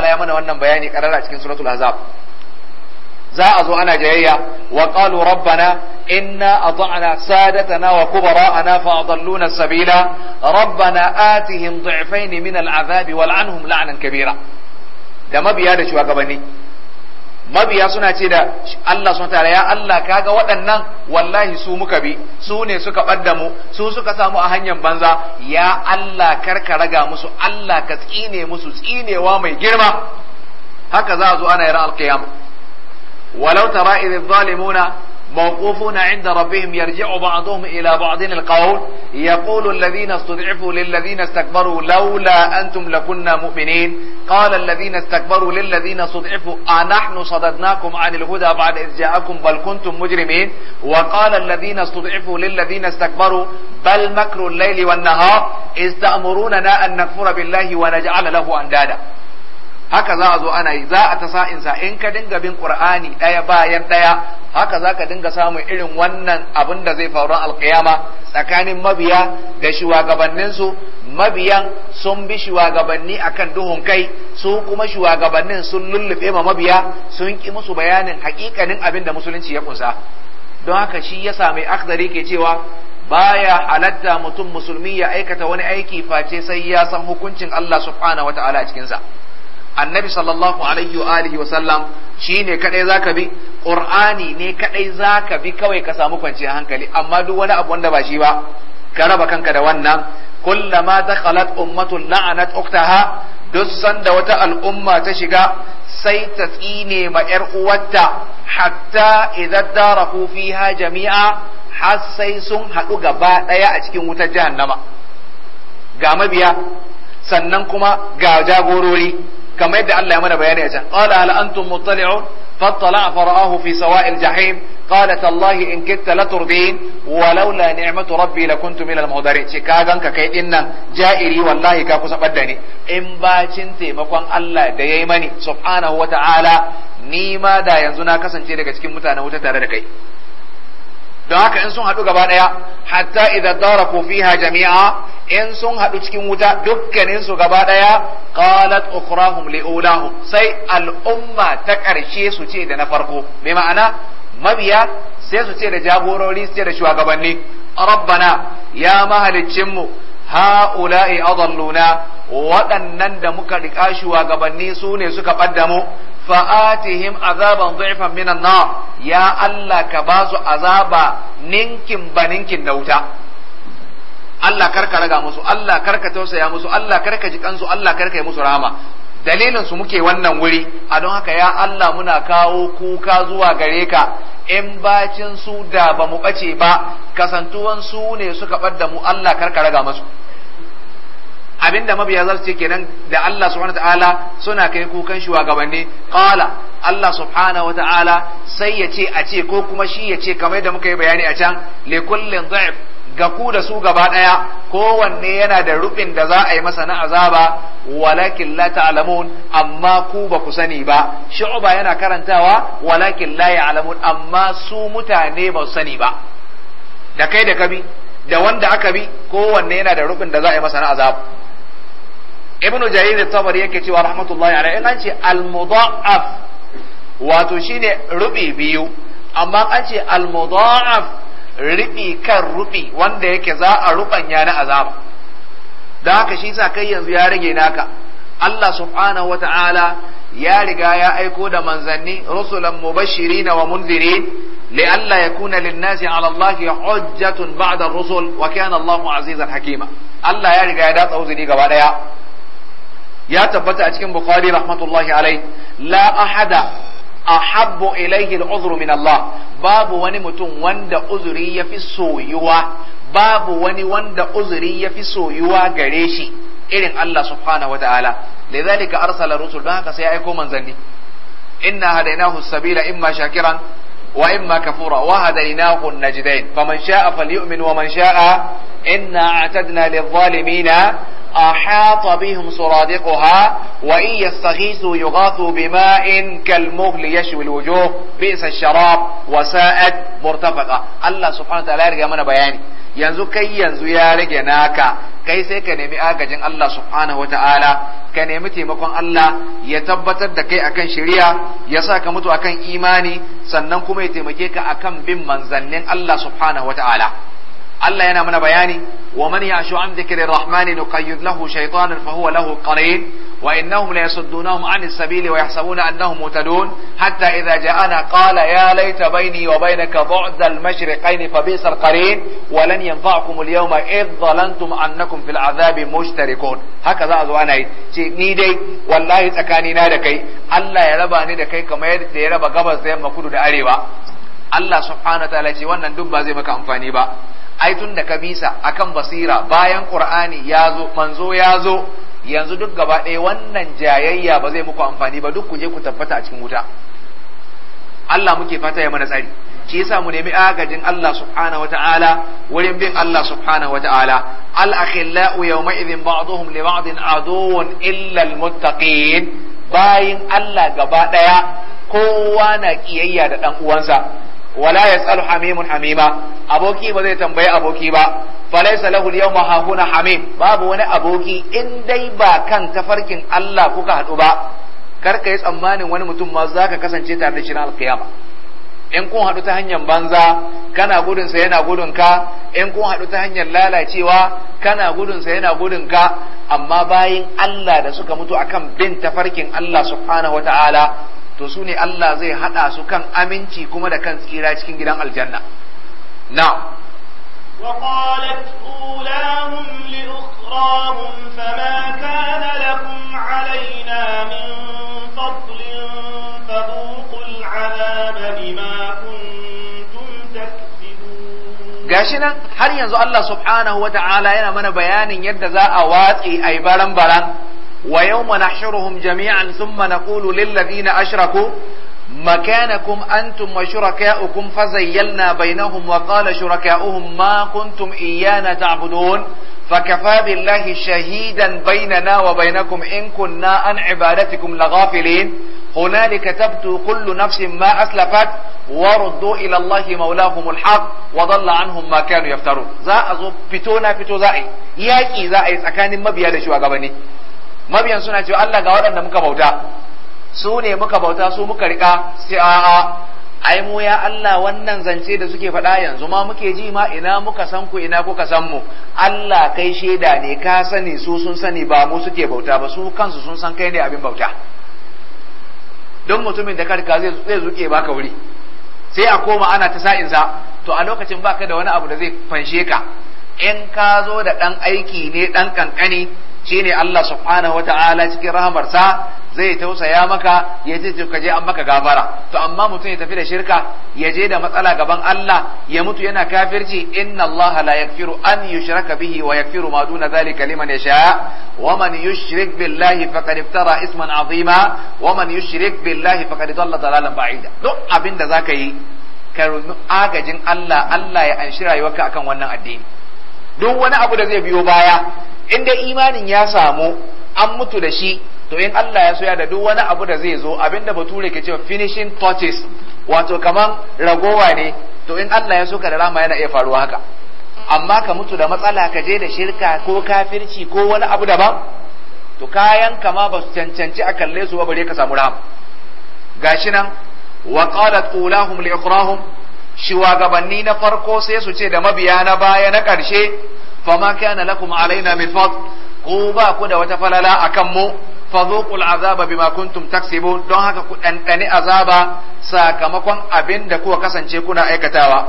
ya mana wannan bayani karara cikin suratul azab za a zo ana jayayya wa qalu rabbana inna ata'na sadatana wa kubara'ana fa adalluna sabila rabbana atihim du'fayn min al'azab wal anhum la'nan kabira da mabiya da shugabanni mabiya suna ce da Allah sun tare ya Allah kaga waɗannan wallahi su muka bi su ne suka ɓaddamu, mu su suka samu a hanyar banza ya Allah karka raga musu Allah ka tsine musu tsinewa mai girma haka za a zo ana yara alkiyama ولو ترى إذ الظالمون موقوفون عند ربهم يرجع بعضهم إلى بعض القول يقول الذين استضعفوا للذين استكبروا لولا أنتم لكنا مؤمنين قال الذين استكبروا للذين استضعفوا أنحن صددناكم عن الهدى بعد إذ جاءكم بل كنتم مجرمين وقال الذين استضعفوا للذين استكبروا بل مكر الليل والنهار إذ تأمروننا أن نكفر بالله ونجعل له أندادا haka za a zo ana yi za a ta sa'in sa in ka dinga bin qur'ani daya bayan daya haka za ka dinga samun irin wannan abin da zai faru alkiyama tsakanin mabiya da shugabannin su mabiyan sun bi shugabanni akan duhun kai su kuma shugabannin sun lullube ma mabiya sun ki musu bayanin hakikanin abin da musulunci ya kunsa don haka shi yasa mai akhdari ke cewa baya halatta mutum musulmi ya aikata wani aiki face sai ya san hukuncin Allah subhanahu wata'ala a cikinsa annabi sallallahu alaihi wa alihi wa sallam shine kadai zaka bi qur'ani ne kadai zaka bi kawai ka samu kwanciyar hankali amma duk wani abu wanda ba shi ba ka raba kanka da wannan kullama dakhalat ummatun la'anat uktaha duk sanda wata al'umma ta shiga sai ta tsine ma ‘yar uwarta hatta idan daraku fiha jami'a har sai sun haɗu gaba ɗaya a cikin wutar jahannama ga mabiya sannan kuma ga jagorori kamar yadda Allah ya mana bayani a can qala hal antum muttali'un fattala fara'ahu fi sawa'il jahim qala tallahi in kitta laturdin walaula ni'matu rabbi lakuntu minal muhdarin ce ka ganka kai din nan ja'iri wallahi ka kusa badda in bacin taimakon Allah da yayi mani subhanahu ta'ala ni ma da yanzu na kasance daga cikin mutanen wuta tare da kai don haka in sun haɗu gaba ɗaya hatta idan dara fiha jami'a in sun haɗu cikin wuta dukkanin su gaba ɗaya qalat ukhrahum liulahum sai al'umma ta ƙarshe su ce da na farko mai ma'ana mabiya sai su ce da jagorori su ce da shugabanni rabbana ya mahaliccinmu mu ha'ula'i adalluna waɗannan da muka riƙa shugabanni su ne suka ɓadda mu fa'atihim azaban dhifan minan nar ya Allah ka ba azaba ninkin baninkin na wuta Allah karka raga musu Allah karka tausaya musu Allah karka ji kansu Allah karka yi musu rama. dalilin su muke wannan wuri a don haka ya Allah muna kawo kuka zuwa gare ka in bacin su da bamu mu bace ba kasantuwan su ne suka bar da mu Allah karka raga musu abinda mabiya za ce kenan da Allah subhanahu wata'ala suna kai kukan shugabanni qala Allah subhanahu wata'ala sai ya ce a ce ko kuma shi ya ce kamar da muka yi bayani a can li kullin dha'if ga ku da su gaba daya kowanne yana da rubin da za a yi masa na azaba walakin la ta'lamun amma ku ba ku sani ba shu'ba yana karantawa walakin la ya'lamun amma su mutane ba su sani ba da kai da kabi da wanda aka bi kowanne yana da rubin da za a yi masa na azaba ibnu jarir tabari yake cewa rahmatullahi alaihi an ce al-mudha'af wato shine rubi biyu amma an ce al-mudha'af rubi kan rubi wanda yake za a rubanya na azaba da haka shi sa kai yanzu ya rage naka Allah subhanahu wa ta'ala ya riga ya aiko da manzanni rusulan mubashirin wa munzirin لئلا يكون للناس على الله حجة بعد الرسل وكان الله عزيزا حكيما الله يا رجال ده أوزني ɗaya. ya tabbata a cikin bukhari rahmatullahi alai la ahada ahabbu ilaihi al'uzru min Allah babu wani mutum wanda uzuri yafi soyuwa babu wani wanda uzuri yafi soyuwa gare shi irin Allah subhanahu wataala lidhalika arsala rusul don haka sai ya aiko manzanni inna hadainahu sabila imma shakiran وإما كفورا وهديناه النجدين فمن شاء فليؤمن ومن شاء إنا أعتدنا للظالمين أحاط بهم سرادقها وإن يستغيثوا يغاثوا بماء كالمغل يشوي الوجوه بئس الشراب وساءت مرتفقة الله سبحانه وتعالى يرجع من بياني yanzu kai yanzu ya rage naka kai sai ka nemi agajin Allah subhanahu ta'ala ka nemi taimakon Allah ya tabbatar da kai akan shari'a ya sa ka mutu akan imani sannan kuma ya taimake ka akan bin manzannin Allah subhanahu ta'ala. Allah yana mana bayani wa man ya'shu an dhikri rahmani nuqayyid lahu shaytanan fa huwa lahu qarin وإنهم ليصدونهم عن السبيل ويحسبون أنهم مهتدون حتى إذا جاءنا قال يا ليت بيني وبينك بعد المشرقين فبئس القرين ولن ينفعكم اليوم إذ ظلنتم أنكم في العذاب مشتركون هكذا أزوانا ni dai wallahi tsakanina da kai Allah ya raba ni da kai kamar yadda ya raba gabas da yamma kudu da arewa Allah subhanahu wataala ce wannan duk ba zai maka amfani ba ai tun da ka bisa akan basira bayan qur'ani ya zo manzo ya zo yanzu duk gaba ɗaya wannan jayayya ba zai muku amfani ba duk ku je ku tabbata a cikin wuta Allah muke fata ya mana tsari shi yasa mu nemi agajin Allah subhanahu wata'ala wurin bin Allah subhanahu wata'ala al-akhillau yawma idhin ba'dhum li ba'din aduwwun illa al-muttaqin bayin Allah gaba kowa na kiyayya da dan uwansa wala yasalu hamimun hamima aboki ba zai tambayi aboki ba falaysa lahu al-yawma hahuna hamim babu wani aboki in dai ba kan tafarkin Allah kuka hadu ba kar ka yi tsammanin wani mutum ma za ka kasance tare da shi na alkiyama in kun haɗu ta hanyar banza kana gudun sa yana gudun ka in kun haɗu ta hanyar lalacewa kana gudun sa yana gudun ka amma bayan Allah da suka mutu akan bin tafarkin Allah subhanahu wata'ala to su ne Allah zai haɗa su kan aminci kuma da kan tsira cikin gidan aljanna na'am وقالت أولاهم لأخراهم فما كان لكم علينا من فضل فذوقوا العذاب بما كنتم تكذبون قاشنا هل ينزو الله سبحانه وتعالى ينا من بيان يد ذا أواتي أي بلن بلن ويوم نحشرهم جميعا ثم نقول للذين أشركوا مكانكم أنتم وشركاؤكم فزيلنا بينهم وقال شركاؤهم ما كنتم إيانا تعبدون فكفى بالله شهيدا بيننا وبينكم إن كنا عن عبادتكم لغافلين هنالك تبدو كل نفس ما أسلفت وردوا إلى الله مولاهم الحق وضل عنهم ما كانوا يفترون za a zo fito na fito za a yi yaƙi za a yi tsakanin mabiya da shugabanni mabiyan suna cewa Allah ga waɗanda muka bauta su ne muka bauta su muka rika sai a'a ai mu ya Allah wannan zance da suke faɗa yanzu ma muke ji ma ina muka san ku ina kuka san mu Allah kai sheda ne ka sani su sun sani ba mu suke bauta ba su kansu sun san kai ne abin bauta don mutumin da karka zai zuke baka wuri sai a koma ana ta sa'in sa to a lokacin baka da wani abu da zai fanshe ka in ka zo da ɗan aiki ne ɗan kankani shine Allah subhanahu wata'ala cikin rahamarsa zai tausaya maka ya je ka je an maka gafara to amma mutum ya tafi da shirka ya je da matsala gaban Allah ya mutu yana kafirci inna Allah la yaghfiru an yushraka bihi wa yaghfiru ma duna zalika liman yasha wa man yushrik billahi faqad iftara isman azima wa man yushrik billahi faqad dalla dalalan ba'ida duk abinda zaka yi ka agajin Allah Allah ya anshi rayuwarka akan wannan addini duk wani abu da zai biyo baya in dai imanin ya samu an mutu da shi to in Allah ya soya da duk wani abu da zai zo abinda bature ke cewa finishing touches wato kaman ragowa ne to in Allah ya so ka da rama yana iya faruwa haka amma ka mutu da matsala ka je da shirka ko kafirci ko wani abu daban to kayan kama ba su cancanci a kalle su ba bare ka samu rahama gashi nan wa qalat ulahum li ikrahum gabanni na farko sai su ce da mabiya na baya na karshe fama kana lakum alaina min fadl ku ba ku da wata falala akan mu fadhuqul azaba bima kuntum taksibun don haka ku dandane azaba sakamakon abinda kuka kasance kuna aikatawa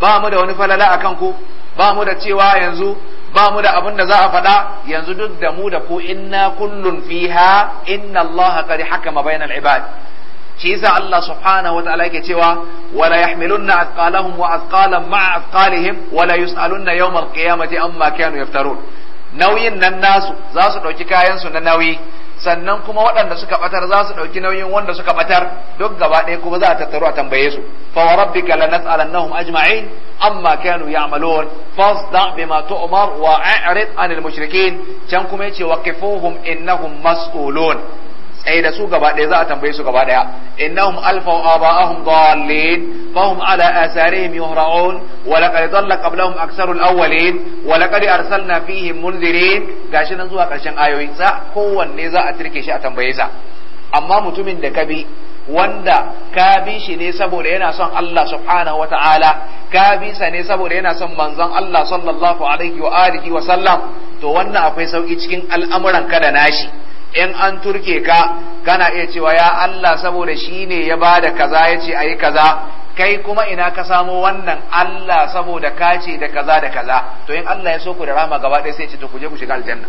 ba mu da wani falala a kan ku ba mu da cewa yanzu ba mu da abun da za a faɗa yanzu duk da mu da ku inna kullun fiha inna ƙari qad hakama bainal ibad shi yasa Allah subhanahu wa ta'ala yake cewa wala yahmilunna athqalahum wa athqalan ma'a athqalihim wala yus'alunna yawmal qiyamati amma kanu yaftarun nauyin nan nasu za su ɗauki kayan su na nauyi sannan kuma waɗanda suka batar za su ɗauki nauyin wanda suka batar duk gaba ɗaya kuma za a tattaru a tambaye su fa wa rabbika lanas'alannahum ajma'in amma kanu ya'malun fasda bima tu'mar wa a'rid 'anil mushrikin can kuma yace waqifuhum innahum mas'ulun tsaye eh, da su gaba ɗaya za a tambaye su gaba ɗaya innahum alfaw aba'ahum dallin fahum ala asarihim yuhra'un wa laqad dalla qablahum aktharul awwalin wa laqad arsalna fihim munzirin gashi nan zuwa ƙarshen ayoyi za kowanne za a tirke shi a tambaye sa amma mutumin da kabi wanda ka bi shi ne saboda yana son Allah subhanahu wa ta'ala ka bi sa ne saboda yana son manzon Allah sallallahu alaihi wa alihi wa sallam to wannan akwai sauki cikin al'amuran ka da nashi in an turke ka kana iya cewa ya Allah saboda shi ne ya ba da kaza ya ce a yi kaza kai kuma ina ka samo wannan Allah saboda ka ce da kaza da kaza to in Allah ya so ku da rama gaba ɗaya sai ce to ku je ku shiga aljanna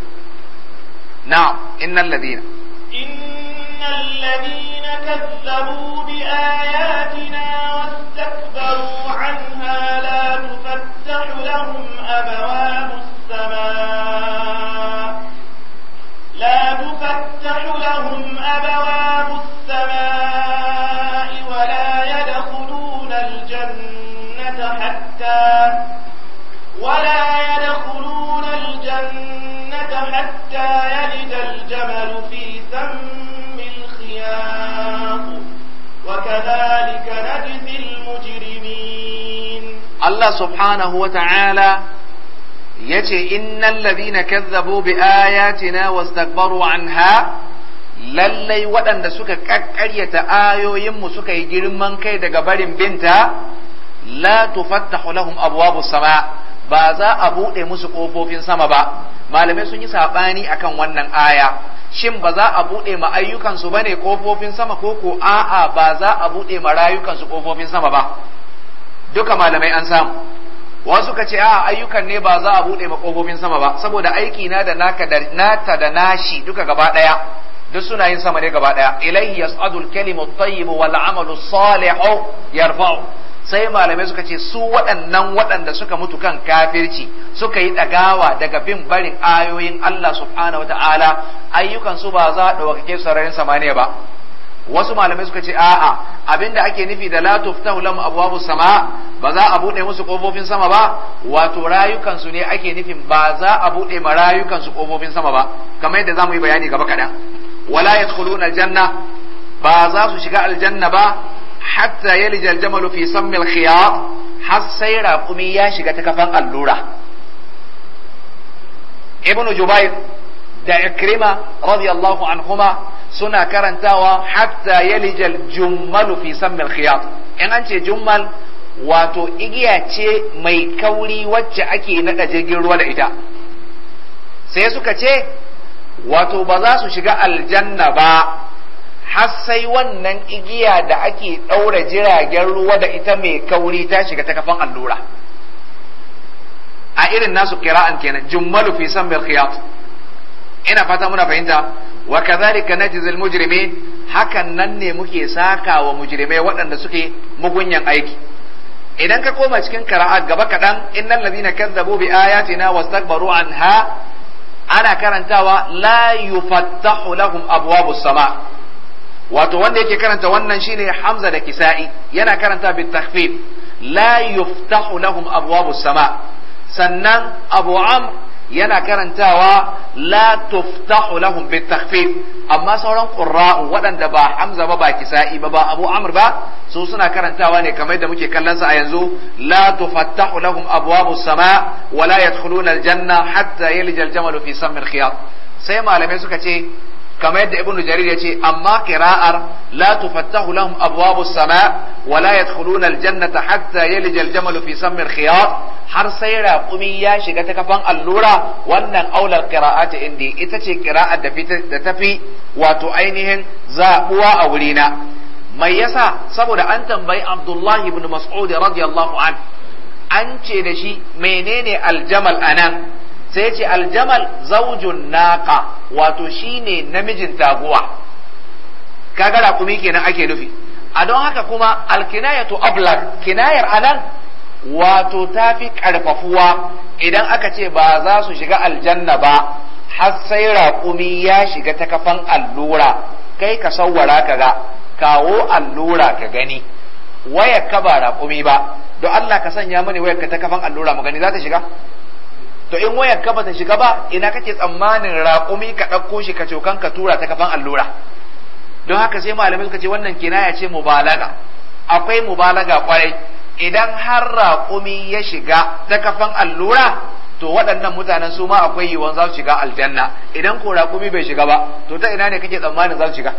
na innal ladina innal ladina kazzabu bi ayatina wastakbaru anha la tufattahu lahum لا تفتح لهم أبواب السماء ولا يدخلون الجنة حتى ولا يدخلون الجنة حتى يلد الجمل في سم الخياط وكذلك نجزي المجرمين الله سبحانه وتعالى yace innal ladina kazzabu bi ayatina wastakbaru anha lallai waɗanda suka kakkaryata ayoyinmu suka yi girman kai daga barin binta la tufattahu lahum abwabu sama ba za a buɗe musu ƙofofin sama ba malamai sun yi saɓani akan wannan aya shin ba za a buɗe ma ayyukansu ba ne ƙofofin sama ko ko a'a ba za a buɗe ma rayukansu ƙofofin sama ba duka malamai an samu wasu ka ce a ah, ayyukan ne ba za a bude makofofin sama ba saboda aiki na da naka da nata da nashi duka gaba daya duk suna yin sama ne gaba daya ilayhi yas'adul tayyib wal 'amalu salihu yarfa'u sai malamai suka ce su waɗannan waɗanda suka mutu kan kafirci suka yi ɗagawa daga bin barin ayoyin Allah subhanahu wa ta'ala ayyukan su ba za a ɗaukake sararin samaniya ba wasu malamai suka ce a'a abinda ake nufi da la tuftahu lahum abwabu sama ba za a bude musu kofofin sama ba wato rayukan su ne ake nufin ba za a bude ma rayukan su kofofin sama ba kamar yadda zamu yi bayani gaba kadan wala yadkhuluna aljanna ba za su shiga aljanna ba hatta yalija aljamalu fi sammi alkhiyat har sai raƙumi ya shiga ta kafan allura ibnu jubair da ikrima radiyallahu anhuma suna karantawa hatta yalijal jummalu fi sammil khiyat in an ce jummal wato igiya ce mai kauri wacce ake nada jirgin ruwa da ita sai suka ce wato ba za su shiga aljanna ba har sai wannan igiya da ake ɗaura jiragen ruwa da ita mai kauri ta shiga ta kafan allura a irin nasu kira'an kenan jummalu fi sammil khiyat ina fata muna fahimta wa kadhalika najzil mujrimin hakan nan ne muke saka wa mujrimai waɗanda suke mugunyan aiki idan ka koma cikin kara'a gaba kaɗan innal ladina kazzabu bi ayatina wastakbaru anha ana karantawa la yufattahu lahum abwabus sama wato wanda yake karanta wannan shine Hamza da Kisa'i yana karanta bi takhfif la yuftahu lahum abwabus sama sannan Abu Amr yana karantawa la tuftahu lahum bit amma sauran qurra'u waɗanda ba hamza ba ba kisa'i ba ba abu amr ba su suna karantawa ne kamar da muke kallon sa a yanzu la tufattahu lahum abwabus sama wa la yadkhuluna aljanna hatta yalja aljamal fi sammil khiyat sai malamai suka ce kama yadda ibn jarir ya ce amma kira'ar la tufattahu lahum abwabus sama wa la yadkhuluna aljannata hatta yalija aljamal fi har sai raƙumi ya shiga ta kafan allura wannan aular kira'a ta indi ita ce qira'ar da da tafi wato ainihin zabuwa a wurina mai yasa saboda an tambayi abdullahi ibn mas'ud radiyallahu an an ce da shi menene aljamal anan sai ce aljamal zaujun naka wato shine namijin taguwa kaga raƙumi kenan ake nufi a don haka kuma alkinayatu ablar kinayar anan wato ta fi ƙarfafuwa idan aka ce ba za su shiga aljanna ba har sai raƙumi ya shiga ta kafan allura kai ka sauwara ka ga kawo allura ka gani waya ka ba raƙumi ba don Allah ka sanya mani wayar ka ta kafan allura mu gani za ta shiga to in wayar ka bata shiga ba ina kake tsammanin raƙumi ka ɗauko shi ka cokan ka tura ta kafan allura don haka sai malamai suka ce wannan ya ce mubalaga akwai mubalaga kwarai idan har raƙumi ya shiga ta kafan allura to waɗannan mutanen su ma akwai yiwuwan za su shiga aljanna idan ko raƙumi bai shiga ba to ta ina ne kake tsammanin za su shiga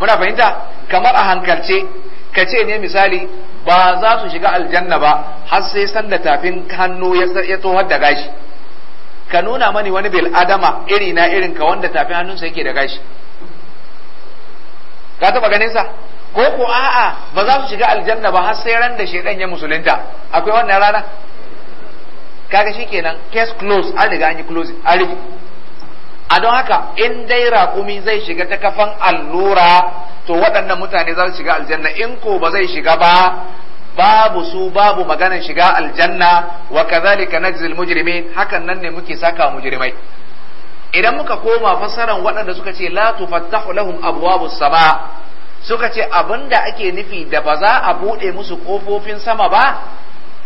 muna fahimta kamar a hankalce ka ce ne misali ba za su shiga aljanna ba har sai sanda tafin hannu ya tsohar da gashi ka nuna mani wani bil adama iri na irin ka wanda tafin hannunsa yake da gashi ka taba ganin sa ko ko a'a ba za su shiga aljanna ba har sai ran da shedan ya musulunta akwai wannan rana kaga kenan case close an riga an yi close an a don haka in dai raƙumi zai shiga ta kafan allura to waɗannan mutane za su shiga aljanna in ko ba zai shiga ba babu su babu maganar shiga aljanna wa kadhalika najzil mujrimin hakan nan ne muke saka mujrimai idan muka koma fasaran waɗanda suka ce la tufattahu lahum abwabus sama suka ce abinda ake nufi da ba za a bude musu kofofin sama ba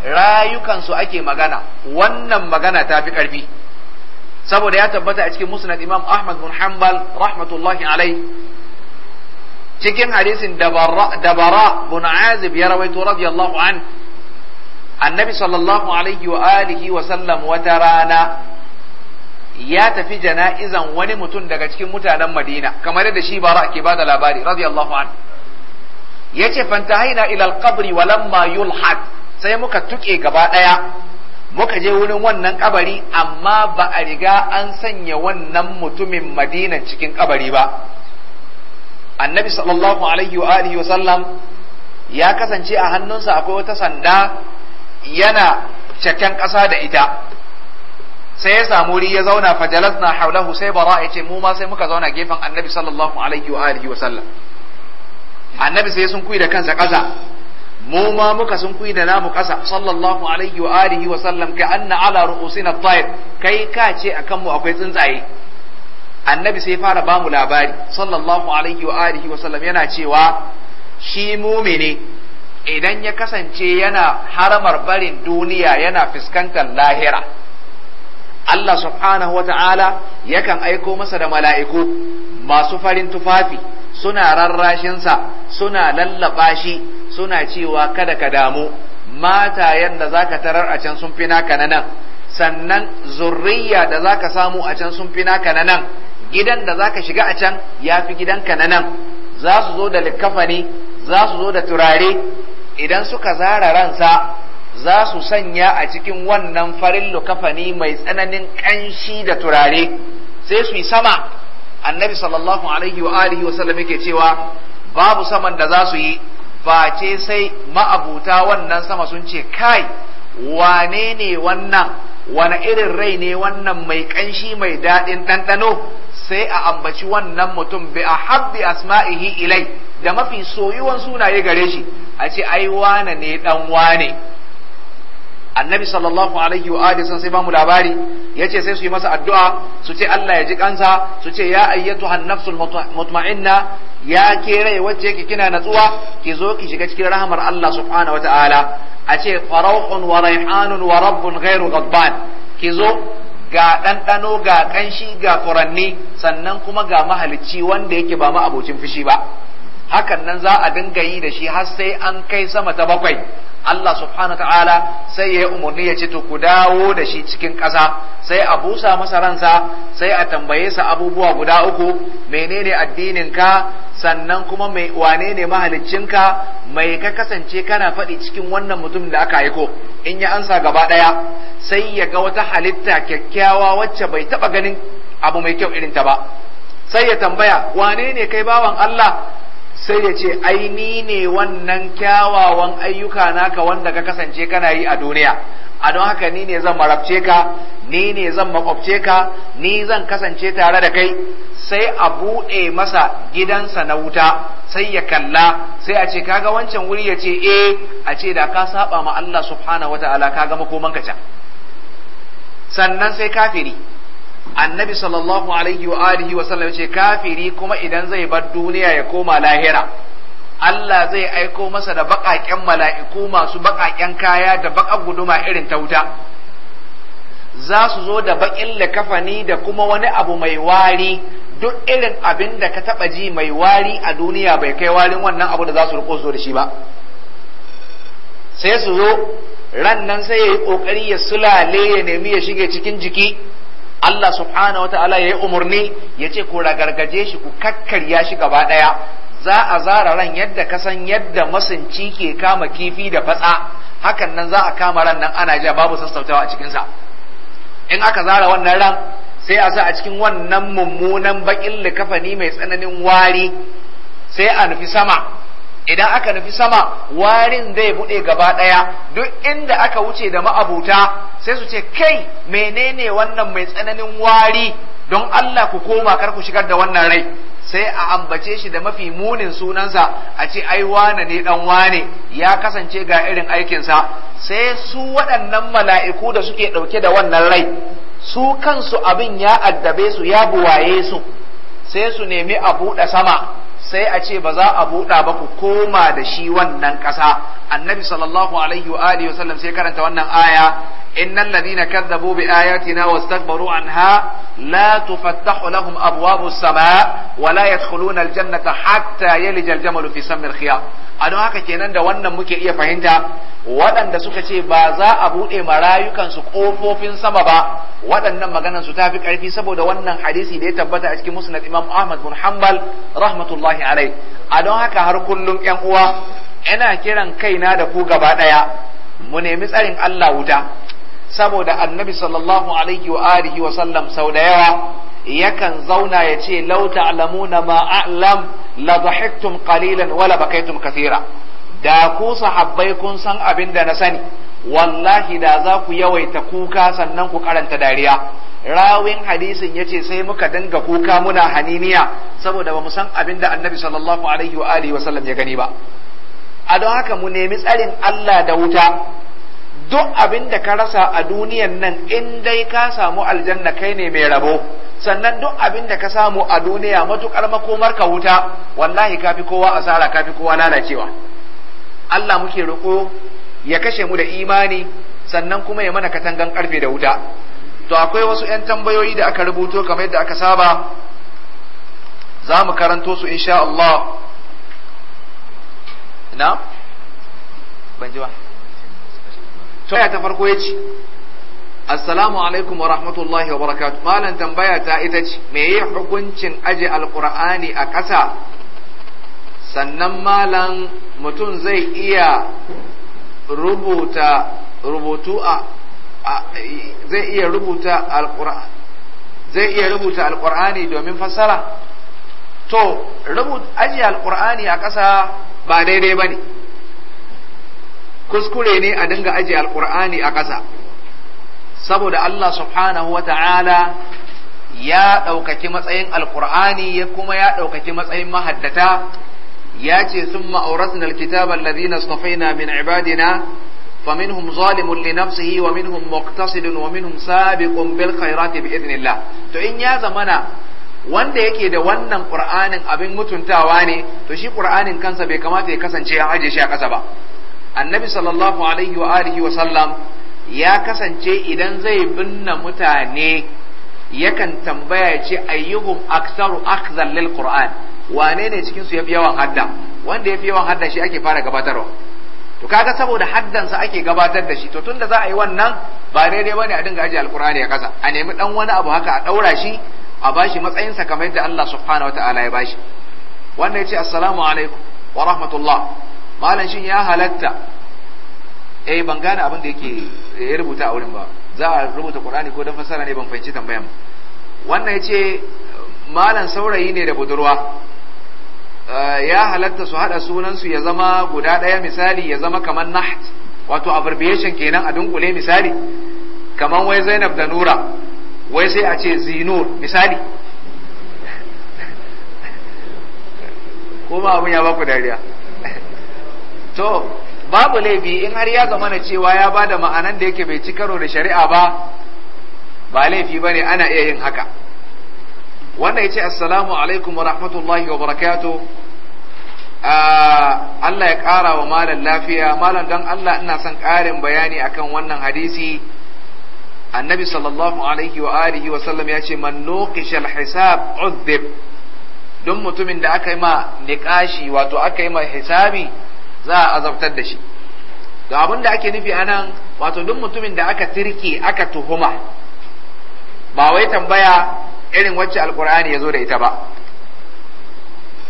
rayukansu ake magana wannan magana ta fi ƙarfi saboda ya tabbata a cikin musnad imam ahmad bin hanbal rahmatullahi alai cikin hadisin da bara bin azib ya rawaito radiyallahu an annabi sallallahu alaihi wa alihi wa sallam wata rana ya tafi jana'izan wani mutum daga cikin mutanen madina kamar yadda shi bara ke bada labari radiyallahu an yace fantahaina ila alqabri wa lamma yulhad sai muka tuke gaba daya muka je wurin wannan kabari amma ba a riga an sanya wannan mutumin madinan cikin kabari ba annabi sallallahu alaihi wa alihi wa sallam ya kasance a hannunsa akwai wata sanda yana cakken ƙasa da ita sai ya samu wuri ya zauna na haulahu sai bara ya ce mu ma sai muka zauna gefen annabi sallallahu alaihi wa alihi wa sallam annabi sai sun kuyi da kansa ƙasa mu ma muka sun kuyi da namu ƙasa sallallahu alaihi wa alihi wa sallam ka anna ala ru'usina tayr kai ka ce akan mu akwai tsuntsaye annabi sai fara ba mu labari sallallahu alaihi wa alihi wa sallam yana cewa shi mumini idan ya kasance yana haramar barin duniya yana fuskantar lahira Allah subhanahu wa ta'ala yakan aiko masa da mala'iku masu farin tufafi suna rarrashinsa suna lallaba shi suna cewa kada ka damu matayen da zaka tarar a can sun fi naka nan sannan zurriya da zaka samu a can sun fi naka na nan gidan da zaka shiga a can ya fi gidanka na nan za su zo da likafani za su zo da turare idan suka zara ransa za su sanya a cikin wannan farin likafani mai tsananin ƙanshi da turare sai su yi sama annabi sallallahu alaihi wa alihi wa sallam yake cewa babu saman da za su yi face sai ma'abuta wannan sama sun ce kai wane ne wannan wani irin rai ne wannan mai ƙanshi mai daɗin ɗanɗano sai a ambaci wannan mutum bi a habbi asma'ihi ilai da mafi soyuwan sunaye gare shi a ce ai wane ne ɗan wane annabi sallallahu alaihi wa alihi sai mu labari yace sai su yi masa addu'a su ce Allah ya ji kansa su ce ya ayyatu hannafsul mutma'inna ya ke rai wacce yake kina natsuwa ki zo ki shiga cikin rahamar Allah subhanahu wataala a ce farauhun wa raihanun wa rabbun ghairu ghadban ki zo ga ɗanɗano ga ƙanshi ga furanni sannan kuma ga mahalicci wanda yake ba ma abocin fushi ba hakan nan za a dinga yi da shi har sai an kai sama ta bakwai Allah subhanahu ta'ala sai ya yi umarni ya ce to ku dawo da shi cikin ƙasa sai a busa masa ransa sai a tambaye sa abubuwa guda uku menene addinin ka sannan kuma mai wane ne mahaliccinka mai ka kasance kana faɗi cikin wannan mutum da aka aiko in ya ansa gaba ɗaya sai ya ga wata halitta kyakkyawa wacce bai taɓa ganin abu mai kyau irin ta ba sai ya tambaya wane ne kai bawan Allah sai ya ce ai ni ne wannan kyawawan ayyuka naka wanda ka kasance kana yi a duniya a don haka ni ne zan marabce ka ni ne zan makwabce ka ni zan kasance tare da kai sai a buɗe masa gidansa na wuta sai ya kalla sai a ce kaga wancan wuri ya ce eh a ce da ka saba ma Allah subhanahu wataala kaga makoman ka can sannan sai kafiri annabi sallallahu alaihi wa alihi wa sallam ce kafiri kuma idan zai bar duniya ya koma lahira Allah zai aiko masa da baƙaƙen mala'iku masu baƙaƙen kaya da baƙar guduma irin tauta. za su zo da baƙin likafani da kuma wani abu mai wari duk irin abin da ka taɓa ji mai wari a duniya bai kai warin wannan abu da za su riko zo da shi ba sai su zo ran nan sai ya yi ƙoƙari ya sulale ya nemi ya shige cikin jiki Allah subhanahu wa ta'ala ya yi umarni ya ce ku ragargaje shi ku kakkarya shi gaba ɗaya za a zara ran yadda ka san yadda masunci ke kama kifi da fatsa hakan nan za a kama ran nan ana ja babu sassautawa a cikinsa in aka zara wannan ran sai a sa a cikin wannan mummunan baƙin likafani mai tsananin wari sai a nufi sama idan aka nufi sama warin zai buɗe gaba ɗaya duk inda aka wuce da ma'abuta sai su ce kai menene wannan mai tsananin wari don Allah ku koma kar ku shigar da wannan rai sai a ambace shi da mafi munin sunansa a ce ai wane ne dan wane ya kasance ga irin aikinsa sai su waɗannan mala'iku da suke ɗauke da wannan rai su kansu abin ya addabe su ya buwaye su sai su nemi a buɗe sama sai a ce ba za a buɗa ba ku koma da shi wannan ƙasa annabi sallallahu alaihi wa alihi wasallam sai karanta wannan aya إن الذين كذبوا بآياتنا واستكبروا عنها لا تفتح لهم أبواب السماء ولا يدخلون الجنة حتى يلج الجمل في سم الخياط أنا haka kenan da wannan muke iya fahimta waɗanda suka ce ba za a buɗe marayukansu ƙofofin sama ba waɗannan maganan su tafi ƙarfi saboda wannan hadisi da ya tabbata a cikin musnad Imam Ahmad bin Hanbal rahmatullahi alai a don haka har kullum 'yan uwa ina kiran kaina da ku gaba ɗaya mu nemi tsarin Allah wuta saboda annabi sallallahu alaihi wa alihi wa sallam sau da yawa yakan zauna ya ce lau ta'lamuna ma a'lam la dhahiktum qalilan wala bakaitum kathira da ku sahabbai kun san abin da na sani wallahi da za ku yawaita kuka sannan ku karanta dariya rawin hadisin ya ce sai muka dinga kuka muna haniniya saboda ba mu san abin da annabi sallallahu alaihi wa alihi wa sallam ya gani ba a don haka mu nemi tsarin Allah da wuta duk abin da ka rasa a duniyan nan in dai ka samu aljanna kai ne mai rabo sannan duk abin da ka samu a duniya matukar makomar ka wuta wallahi fi kowa asara kafi kowa lalacewa Allah muke roƙo ya kashe mu da imani sannan kuma ya mana katangan karfe da wuta to akwai wasu 'yan tambayoyi da aka rubuto kamar yadda aka saba za mu karanto su insha Allah na ban ji ba tambaya ta farko yace assalamu alaikum wa rahmatullahi wa barakatuh malam tambaya ta ita ce me yi hukuncin aje alqur'ani a ƙasa sannan malam mutum zai iya rubuta rubutu a zai iya rubuta alqur'ani zai iya rubuta alqur'ani domin fassara to rubuta aje alqur'ani a ƙasa ba daidai bane kuskure ne a dinga aje alkur'ani a ƙasa saboda Allah subhanahu wa ta'ala ya ɗaukaki matsayin alkur'ani ya kuma ya ɗaukaki matsayin mahaddata ya ce sun ma'auratun alkitab allazina stafaina min ibadina فمنهم ظالم لنفسه ومنهم مقتصد ومنهم سابق بالخيرات bi الله to in ya zamana wanda yake da wannan qur'anin abin mutuntawa ne to shi qur'anin kansa bai kamata ya kasance ya aje shi a ƙasa ba annabi sallallahu alaihi wa alihi wa sallam ya kasance idan zai binne mutane yakan tambaya ce ayyuhum aktsaru akhzan lil qur'an wane ne cikin su yafi yawan hadda wanda yafi yawan hadda shi ake fara gabatarwa to kaga saboda haddansa ake gabatar da shi to tunda za a yi wannan ba daidai bane a dinga ajiye alqur'ani ya kasa a nemi dan wani abu haka a daura shi a bashi matsayinsa kamar yadda Allah subhanahu Ta'ala ya bashi wannan yace assalamu alaikum wa rahmatullah malam shin ya halatta eh ban gane abin da yake eh, ya rubuta a wurin ba za a rubuta qur'ani ko dan fassara ne ban fahimci tambayan wannan yace malam saurayi ne da budurwa eh, ya halatta su hada sunan su ya zama guda daya misali ya zama kamar naht wato abbreviation kenan a dunkule misali kamar wai Zainab da Nura wai sai a ce Zinur misali kuma abun ya baku dariya to babu laifi in har ya zama na cewa ya bada ma'anan da yake bai ci karo da shari'a ba ba laifi ba ne ana iya yin haka wannan ya ce assalamu alaikum wa rahmatullahi wa barakatu Allah ya ƙara wa malam lafiya malam don Allah ina son ƙarin bayani akan wannan hadisi annabi sallallahu alaihi wa alihi wa sallam ya ce man nuqisha hisab udhib don mutumin da aka yi ma niƙashi, wato aka yi ma hisabi za a azabtar da shi da abin da ake nufi anan wato duk mutumin da aka tirke aka tuhuma ba wai tambaya irin wacce alkur'ani ya zo da ita ba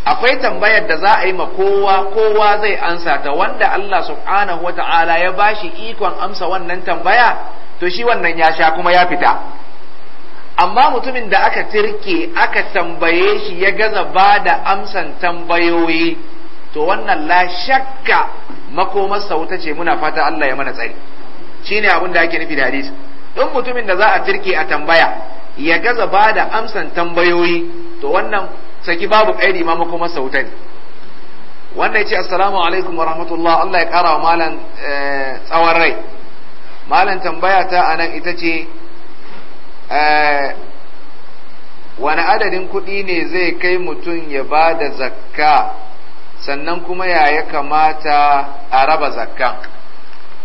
akwai tambayar da za a yi ma kowa kowa zai ansa ta wanda Allah subhanahu wa ta'ala ya bashi ikon amsa wannan tambaya to shi wannan ya sha kuma ya fita amma mutumin da aka tirke aka tambaye shi ya gaza ba da amsan tambayoyi to wannan la shakka makomarsa wuta ce muna fata Allah ya mana tsari shine abin da ake nufi da hadisi in mutumin da za a turke a tambaya ya gaza ba da amsan tambayoyi to wannan saki babu kairi ma makomarsa wuta ne wannan ce assalamu alaikum wa rahmatullah Allah ya kara wa malam eh, tsawon rai malam tambaya ta anan ita ce eh, wani adadin kuɗi ne zai kai mutum ya ba da zakka sannan kuma ya ya kamata a raba zakkan.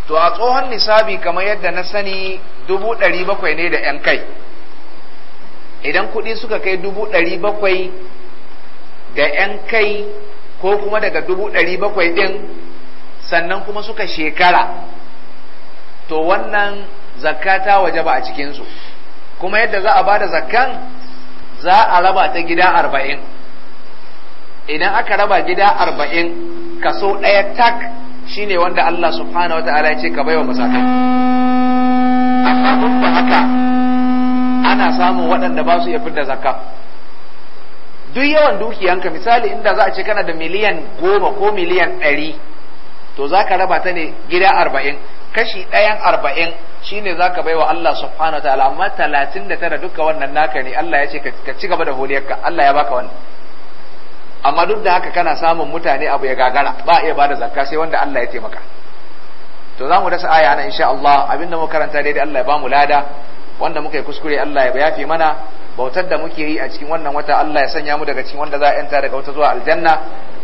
to a tsohon nisabi kamar yadda na sani dubu ɗari bakwai ne da ‘yan kai idan kuɗi suka kai dubu ɗari bakwai da ‘yan kai ko kuma daga dubu ɗari bakwai ɗin sannan kuma suka shekara to wannan zakka ta waje ba a cikinsu kuma yadda za a ba da zakkan za a raba ta gida arba'in idan aka raba gida arba'in kaso ɗaya tak shine wanda Allah subhanahu wa ta'ala ya ce ka baiwa masakai. amma duk da haka ana samun waɗanda ba su iya fidda zakka duk yawan dukiyanka misali inda za a ce kana da miliyan goma ko miliyan ɗari to za ka raba ta ne gida arba'in kashi ɗayan arba'in shine za ka baiwa Allah subhanahu wa ta'ala amma talatin da tara duka wannan naka ne Allah ya ce ka ci gaba da holiyarka Allah ya baka wannan amma duk da haka kana samun mutane abu ya gagara ba iya bada zakka sai wanda Allah ya taimaka to za mu dasa aya na insha Allah abinda muka karanta daidai Allah ya bamu lada wanda muka yi kuskure Allah ya yafe mana bautar da muke yi a cikin wannan wata Allah ya sanya mu daga cikin wanda za a yanta daga wata zuwa aljanna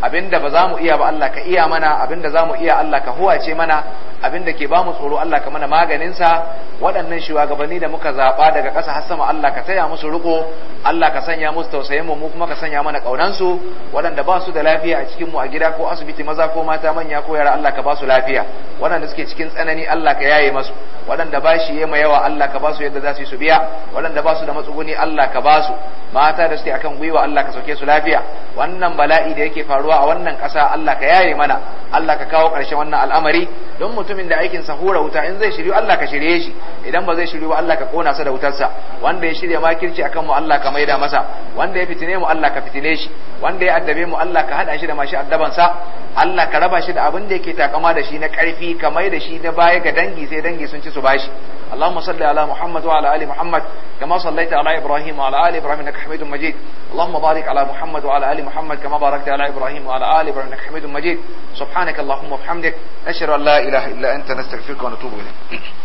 abinda ba za mu iya ba Allah ka iya mana abinda za mu iya Allah ka huwace mana abinda ke ba mu tsoro Allah ka mana maganinsa waɗannan shugabanni da muka zaɓa daga ƙasa har sama Allah ka taya musu riko Allah ka sanya musu tausayin mu kuma ka sanya mana ƙaunansu waɗanda ba su da lafiya a cikin mu a gida ko asibiti maza ko mata manya ko yara Allah ka ba su lafiya waɗanda suke cikin tsanani Allah ka yaye masu waɗanda ba shi yema yawa Allah ka ba su yadda za su yi su biya waɗanda ba su da matsuguni Allah ka ba su mata da suke akan gwiwa Allah ka sauke su lafiya wannan bala'i da yake faru. faruwa a wannan ƙasa Allah ka yaye mana Allah ka kawo ƙarshen wannan al'amari don mutumin da aikin sa hura wuta in zai shiryu Allah ka shirye shi idan ba zai shiryu ba Allah ka kona sa da wutarsa wanda ya shirya makirci akan mu Allah ka maida masa wanda ya fitine mu Allah ka fitine shi wanda ya addabe mu Allah ka hada shi da mashi addaban sa Allah ka raba shi da abin da yake takama da shi na ƙarfi ka maida shi da baya ga dangi sai dangi sun ci su bashi اللهم صل على محمد وعلى ال محمد كما صليت على ابراهيم وعلى ال ابراهيم انك حميد مجيد اللهم بارك على محمد وعلى ال محمد كما باركت على ابراهيم وعلى ال ابراهيم انك حميد مجيد سبحانك اللهم وبحمدك اشهد ان لا اله الا انت نستغفرك ونتوب اليك